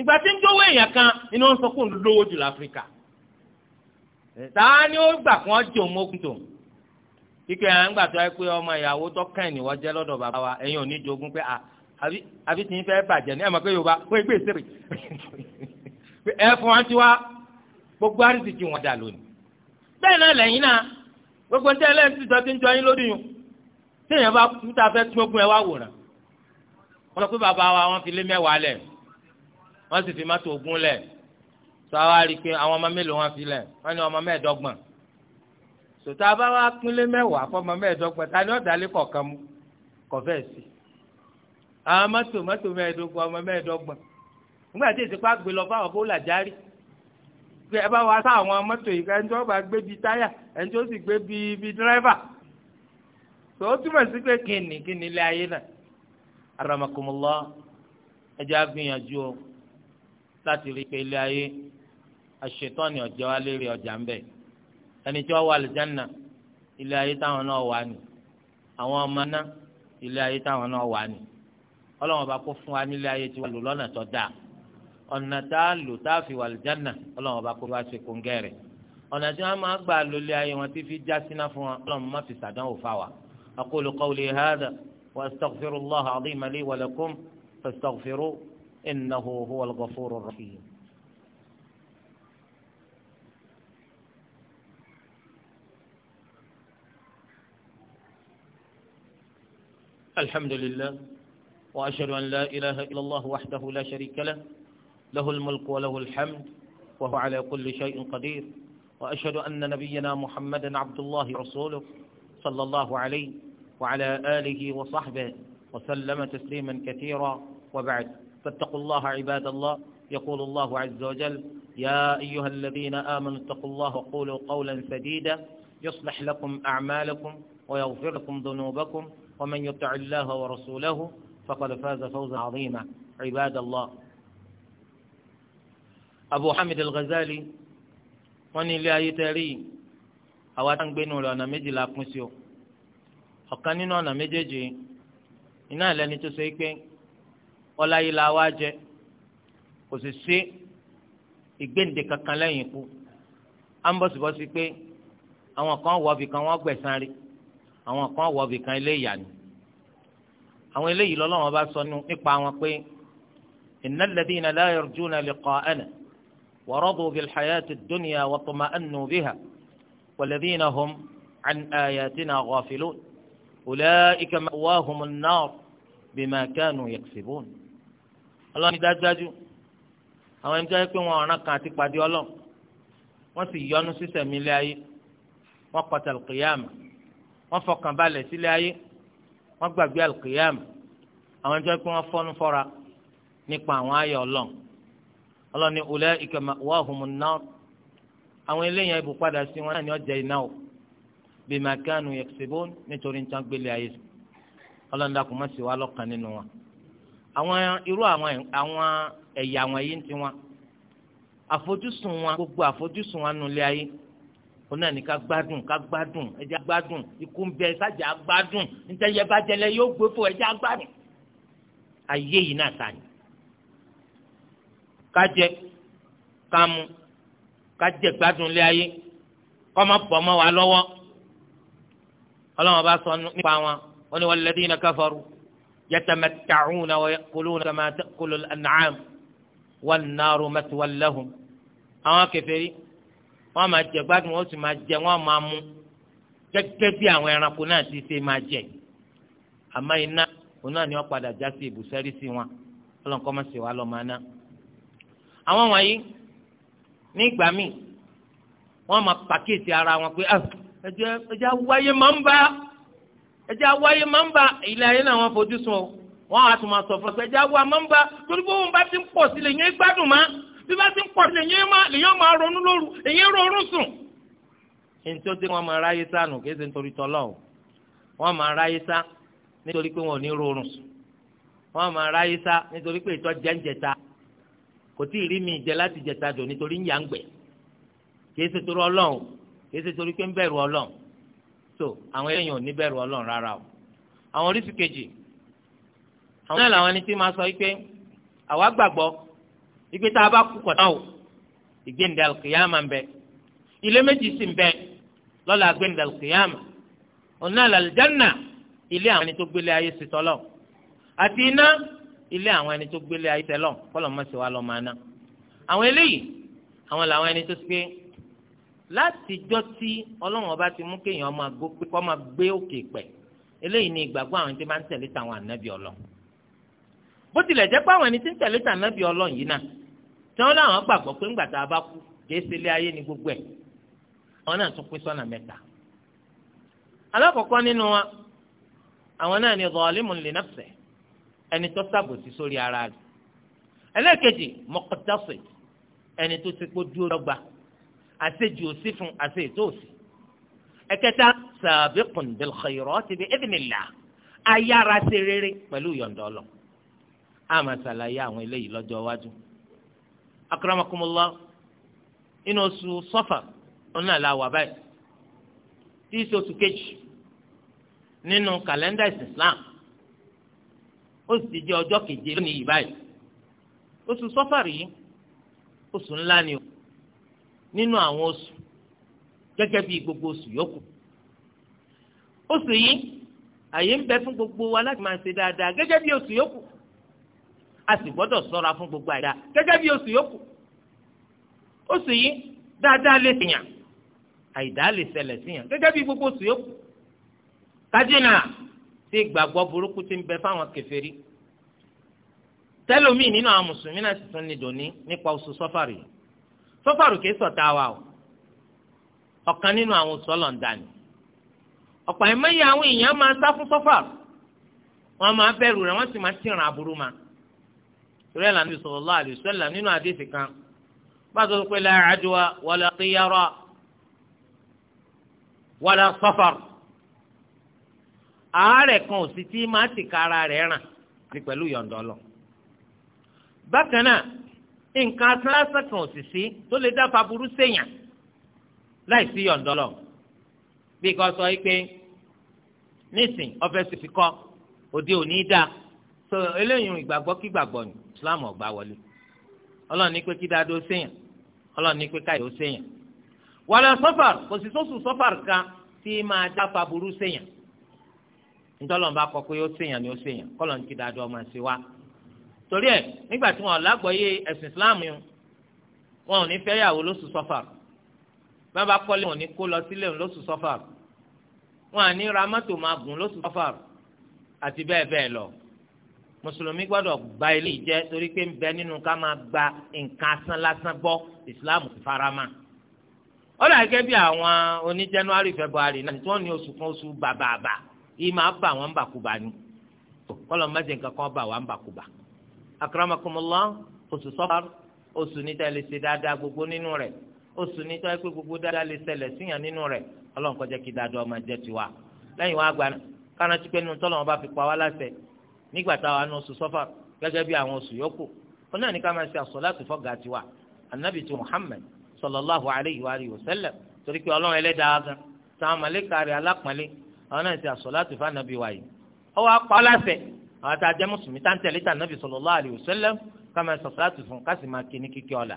ìgbà tí ń jówó èèyàn kan iná ń sọ pé ń lówó jù láfíríkà ni ó gbà tó ẹ pé ọmọ ìyàwó tó ní wọ́n lọ́dọ̀ bàbá wa ẹ̀yin pé àbí ń fẹ́ bàjẹ́ ní ẹ̀ mọ̀ pé fún wa ti wá gbogbo ní tẹ́lẹ̀ ń tìjọ́ ti ń jọ yín lórí yun tí èèyàn bá kú tá fẹ́ tún ogun ẹ wá wòrán wọn lọ pé bàbá wa wọn fi lé mẹ́wàá lẹ̀ wọ́n sì fi mọ́tò ogun lẹ̀ tó a wá rí i pé àwọn ọmọ mélòó wọn fi lẹ̀ wọ́n ní ọmọ mẹ́ẹ̀ẹ́dọ́gbọ̀n sòtò a bá wá pínlẹ̀ mẹ́wàá fọmọ mẹ́ẹ̀ẹ́dọ́gbọ̀n ta ni ọ̀dà lé kọ̀ọ̀kan mú kọ̀fẹ́ sí àwọn mọ́tò mọ́tò mẹ́ẹ̀ẹ́dọ́gbọ̀n ọmọ mẹ́ẹ̀ẹ́dọ́gbọ̀n nígbà tí èsì pé ẹ bá wá sáwọn mọ́tò yìí ẹni tí wọ́n bá gbé bíi táyà ẹni tí ó sì gbé bíi bíi dírẹ́fà tó o túmọ̀ sí pé kíni kíni ilé ayé náà aramakumullah ẹjẹ́ á o láti rí pé ilé ayé àṣetọ́ni ọ̀jọ́ wa lérí ọjà ń bẹ̀ ẹni tí wọ́n wà lìjánà ilé ayé táwọn náà wà ní àwọn ọmọ náà ilé ayé táwọn náà wà ní ọlọ́wọ́n bá kó fún wa nílé ayé tí wọ́n lò lọ́nà tó dáa. ọ̀nà tá a lò tá a fi wà lùjánà ọlọ́run ọba kó bá ṣe kó ń gẹ̀rẹ̀ ọ̀nà tí wọ́n máa gbà lólé ayé wọn tí fi já síná fún wọn ọlọ́run má fi sàdánwò fà wá. akólo kọ́wulẹ̀ hada wa lọ́hà astaghfirullaha azima li wa lakum fastaghfiru innahu huwal ghafurur rahim. الحمد لله وأشهد أن لا إله إلا الله وحده لا شريك له له الملك وله الحمد وهو على كل شيء قدير وأشهد أن نبينا محمدا عبد الله رسوله صلى الله عليه وعلى آله وصحبه وسلم تسليما كثيرا وبعد فاتقوا الله عباد الله يقول الله عز وجل يا أيها الذين آمنوا اتقوا الله وقولوا قولا سديدا يصلح لكم أعمالكم ويغفر لكم ذنوبكم ومن يطع الله ورسوله فقد فاز فوزا عظيما عباد الله abu hamid al-ghazali wọ́n ní ilé ayé tẹ́rí àwa tá ń gbénu rẹ̀ ọ̀nà méjì la pín sí o ọ̀kan nínú ọ̀nà méjèèjì iná ìlẹ́ni tó ṣe pé ọlá yìí la wá jẹ kò sì sí ìgbéǹde kankan lẹ́yìn ikú á ń bọ̀sibọ́sí pé àwọn kan wọ ibìkan wọ́n gbẹ̀san rí àwọn kan wọ ibìkan ilé ìyà àwọn eléyìí lọ́lọ́wọ́n bá sọ nípa wọn pé innal ladhina la yarjuna liqa'ana. ورضوا بالحياة الدنيا واطمأنوا بها والذين هم عن آياتنا غافلون أولئك مأواهم النار بما كانوا يكسبون الله dájúdájú àwọn ẹni tó yẹ pé wọn ọ̀ràn kan àti pàdé ọlọ́run wọ́n sì yọnu sí sẹ̀mí ilé ayé wọ́n kọta alùkìyàmù wọ́n fọkàn balẹ̀ sílé ayé wọ́n gbàgbé alùkìyàmù àwọn ẹni tó yẹ pé wọ́n fọ́nú fọ́ra nípa àwọn ayé ọlọ́run ọlọ́ni ulaika ma'wahumun nar àwọn eléyàn ibù padà sí wọn náà ni ọjà iná o bima kanu yaksibun nítorí ń tán gbélé ayé ọlọ́ni dàkú mọ́ sí wa lọ́kàn nínú wọn. àwọn irú àwọn ẹ̀yà àwọn yìí ń ti wọn àfojúsùn wọn gbogbo àfojúsùn wọn nulẹ̀ ayé wọn náà ní ká gbádùn ká gbádùn ẹja gbádùn ikú ń bẹ sájà gbádùn níta yẹ bàjẹ́ lẹ yóò gbé fún ẹja gbádùn ayé yìí náà sáyìn kájẹ kámu kájẹ gbádùn lé ayé kọ́mọ pọ̀ mọ́ wa lọ́wọ́ ọlọ́wọ́n bá sọ nípa wọn wọn ni walladhina kafaru yatamatta'una wa ya'kuluna kama ta'kulu al-an'am wan naru mathwan lahum àwọn kèfèrí wọn máa jẹ gbádùn wọn sì máa jẹ wọn máa mu gẹ́gẹ́ bí àwọn ẹranko náà ti ṣe máa jẹ àmọ́ iná òun náà ni wọn padà já sí ibùsẹ́rí sí wọn ọlọ́nkọ́ máa ṣe wá lọ́ọ́ máa àwọn wọ̀nyí ní ìgbà míì wọ́n máa pàkíyèsí ara wọn pé ah, ẹjẹ ẹjẹ awáyé máa ń bá ẹjẹ awáyé máa ń bá ilé ayé náà wọ́n fojú sùn o wọ́n á tún máa sọ fún ọ pé ẹjẹ awá máa ń bá torí bó wọn bá ti ń pọ̀ sí lèyìn gbádùn má bí bá ti ń pọ̀ sí lèyìn máa ronú lóru lèyìn ronú sùn. ẹni tó dé wọn máa ráyé sá nù kí ẹsẹ̀ nítorí tọ́lọ́ o wọ́n máa ráyé sá nítorí pé wọn ò ní rorùn sùn máa ráyé sá nítorí pé ìtọ́ jẹ́ǹjẹ̀ta kò tí ì rí mi jẹ láti jẹta dò nítorí ń yà ń gbẹ kìí ṣe torí Ọlọ́run kìí ṣe torí pé ń bẹ̀rù Ọlọ́run so àwọn èèyàn ò ní bẹ̀rù Ọlọ́run rárá o àwọn oríṣi kejì àwọn náà làwọn ẹni tí máa sọ wípé àwa gbàgbọ́ wípé tá a bá kú kọ̀tán o ìgbéǹde alùkìyàmà ń bẹ ilé méjì sì ń bẹ lọ́la ìgbéǹde alùkìyàmà òun náà ilé àwọn ẹni tó gbélé ayé ṣètọ́lọ́ àti iná ilé àwọn ẹni tó gbélé ayé tẹlọ kọlọ mọsí wa lọ máa ná àwọn eléyìí àwọn làwọn ẹni tó pé látijọ́ tí ọlọ́run ọba ti mú kéèyàn máa gbó pé kọ́ máa gbé òkè pẹ̀ eléyìí ni ìgbàgbọ́ àwọn tí máa ń tẹ̀lé tàwọn ànábì ọlọ́run bó tilẹ̀ jẹ́ pé àwọn ẹni tí ń tẹ̀lé tàwọn ànábì yìí náà tí wọ́n láwọn gbàgbọ́ pé ńgbà tá a bá kú kìí ṣe ayé ni gbogbo ẹ̀ wọn náà tún pín sọ́nà mẹ́ta alákọ̀ọ́kọ́ nínú wa àwọn náà ni zalimun li nafsihi ẹni tó ṣàbòsí sórí ara rẹ̀ ẹlẹ́ẹ̀kejì mọ̀kọ́tàṣe ẹni tó ti kó dúró dọ́gba àṣejù òsì fún àṣe ètò òsì ẹ̀kẹta sàbíkùn bilkhayrati bi idhnillah ayára ṣe rere pẹ̀lú yọ̀ǹda Ọlọ́run àmà ṣàlàyé àwọn eléyìí lọ́jọ́ iwájú akramakumullah inú oṣù sọ́fà ọ̀nà làwà báyìí tí í kejì nínú kàlẹ́ndà ìsìn Islam ó sì jẹ́ ọjọ́ keje lónìí yìí báyìí oṣù sọ́fàrì yìí oṣù ńlá ni o nínú àwọn oṣù gẹ́gẹ́ bí gbogbo oṣù yòókù oṣù yìí àyè ń bẹ fún gbogbo wa láti máa ṣe dáadáa gẹ́gẹ́ bí oṣù yòókù a sì gbọ́dọ̀ ṣọ́ra fún gbogbo àìdá gẹ́gẹ́ bí oṣù yòókù oṣù yìí dáadáa lè sèyàn àìdá lè ṣẹlẹ̀ síyàn gẹ́gẹ́ bí gbogbo oṣù yòókù kájínà sí ìgbàgbọ́ burúkú tí ń bẹ fáwọn kèfèrí tẹlomi nínú àwọn mùsùlùmí náà sì tún ní dòní nípa oṣù sọfàrù yìí sọfàrù kìí sọ̀tà wa o ọ̀kan nínú àwọn oṣù ọlọ́ọ̀dà ni ọ̀pọ̀ ẹ̀mọ́ yìí àwọn èèyàn máa sá fún sọfàrù wọn máa bẹ̀rù rẹ̀ wọ́n sì máa tìràn aburú ma torí ẹ̀ lànà sallallahu alaihi wasallam nínú àdéhìí kan bàtà ó pé la adwa wala tiyara wala sọfàrù àárẹ̀ kan ò sì tí máa ti ka ara rẹ̀ ràn ní pẹ̀lú yọ̀ǹda ọlọ. bákan náà nǹkan asánlásán kan ò sì sí tó lè dá faburú séèyàn láì sí yọ̀ǹda ọlọ. bí kò sọ pé nísìn ọ̀fẹ́ sì fi kọ́ òde òní dá so eléyìí ìgbàgbọ́ kí gbàgbọ́ ni Islam ọ̀gbà wọlé ọlọ́ọ̀ni pé kí dáadó séèyàn ọlọ́ọ̀ni pé káyọ̀ séèyàn wàlẹ̀ sọ́fàr kò sì sóṣù sọ́fàr kan tí máa dá faburú séèyàn ntọ́lọ́n bá kọ pé ó ṣèyàn ni ó ṣèyàn kọ́lọ̀ ní kí dáadọ́ ọmọ ẹ̀sìn wa torí ẹ̀ nígbà tí wọn lágbọ́yé ẹ̀sìn Islam yìí wọn ò ní fẹ́ yàwó lóṣù sọ́fà bá bá kọ́lé wọn ò ní kó lọ sílé wọn lóṣù sọ́fà wọn à ní ra mọ́tò máa gùn lóṣù sọ́fà àti bẹ́ẹ̀ bẹ́ẹ̀ lọ mùsùlùmí gbọ́dọ̀ gba ilé ìjẹ́ torí pé ń bẹ nínú ká máa gba nǹkan asán lásán gbọ́ Islam ti fara mọ́ ó dà gẹ́gẹ́ bí àwọn oní January February náà tí wọ́n ní oṣù kan oṣù bàbàbà yìí máa bà wọ́n bàkúbà ni kọ́lọ̀ mẹ́sẹ̀ nǹkan kan bà wọ́n bàkúbà. akramakumullah oṣù sọ́fàr oṣù níta lè ṣe dáadáa gbogbo nínú rẹ̀ oṣù níta pé gbogbo dáadáa lè ṣẹlẹ̀ síyàn nínú rẹ̀ ọlọ́run kó jẹ́ kí dáadáa máa jẹ́ tiwa. lẹ́yìn wá gba kánà tí pé nínú tọ́lọ̀ wọn bá fi pa wá láṣẹ nígbà táwa ní oṣù sọ́fàr gẹ́gẹ́ bí àwọn oṣù yòókù ó náà ní ká máa ṣe àsọ̀láàtù fọ́gà tiwa anabi ti muhammed sallallahu alayhi wa sallam torí pé ọlọ́run ẹlẹ́dàá gan táwọn àwọn náà ti àsọ̀láàtì fún anabi wa yìí ọwọ́ apá ọlásẹ̀ àwọn tá a jẹ́ mùsùlùmí tá ń tẹ̀lé tà nàbì sallallahu alaihi wasallam ká máa ṣàsọ̀láàtì fún ká sì kíkí ọ̀la.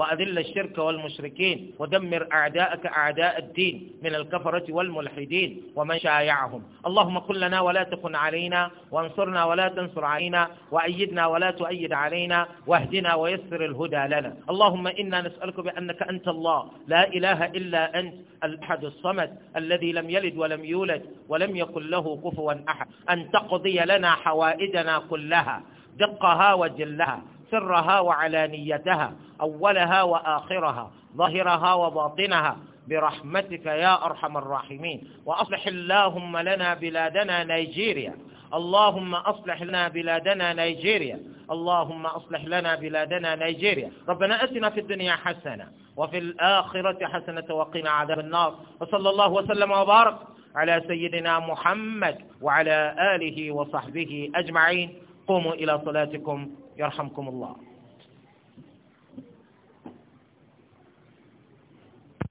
وأذل الشرك والمشركين ودمر أعداءك أعداء الدين من الكفرة والملحدين ومن شايعهم اللهم كن لنا ولا تكن علينا وانصرنا ولا تنصر علينا وأيدنا ولا تؤيد علينا واهدنا ويسر الهدى لنا اللهم إنا نسألك بأنك أنت الله لا إله إلا أنت الأحد الصمد الذي لم يلد ولم يولد ولم يكن له كفوا أحد أن تقضي لنا حوائجنا كلها دقها وجلها سرها وعلانيتها أولها وآخرها ظاهرها وباطنها برحمتك يا أرحم الراحمين وأصلح اللهم لنا بلادنا نيجيريا اللهم أصلح لنا بلادنا نيجيريا اللهم أصلح لنا بلادنا نيجيريا ربنا أتنا في الدنيا حسنة وفي الآخرة حسنة وقنا عذاب النار وصلى الله وسلم وبارك على سيدنا محمد وعلى آله وصحبه أجمعين قوموا إلى صلاتكم يرحمكم الله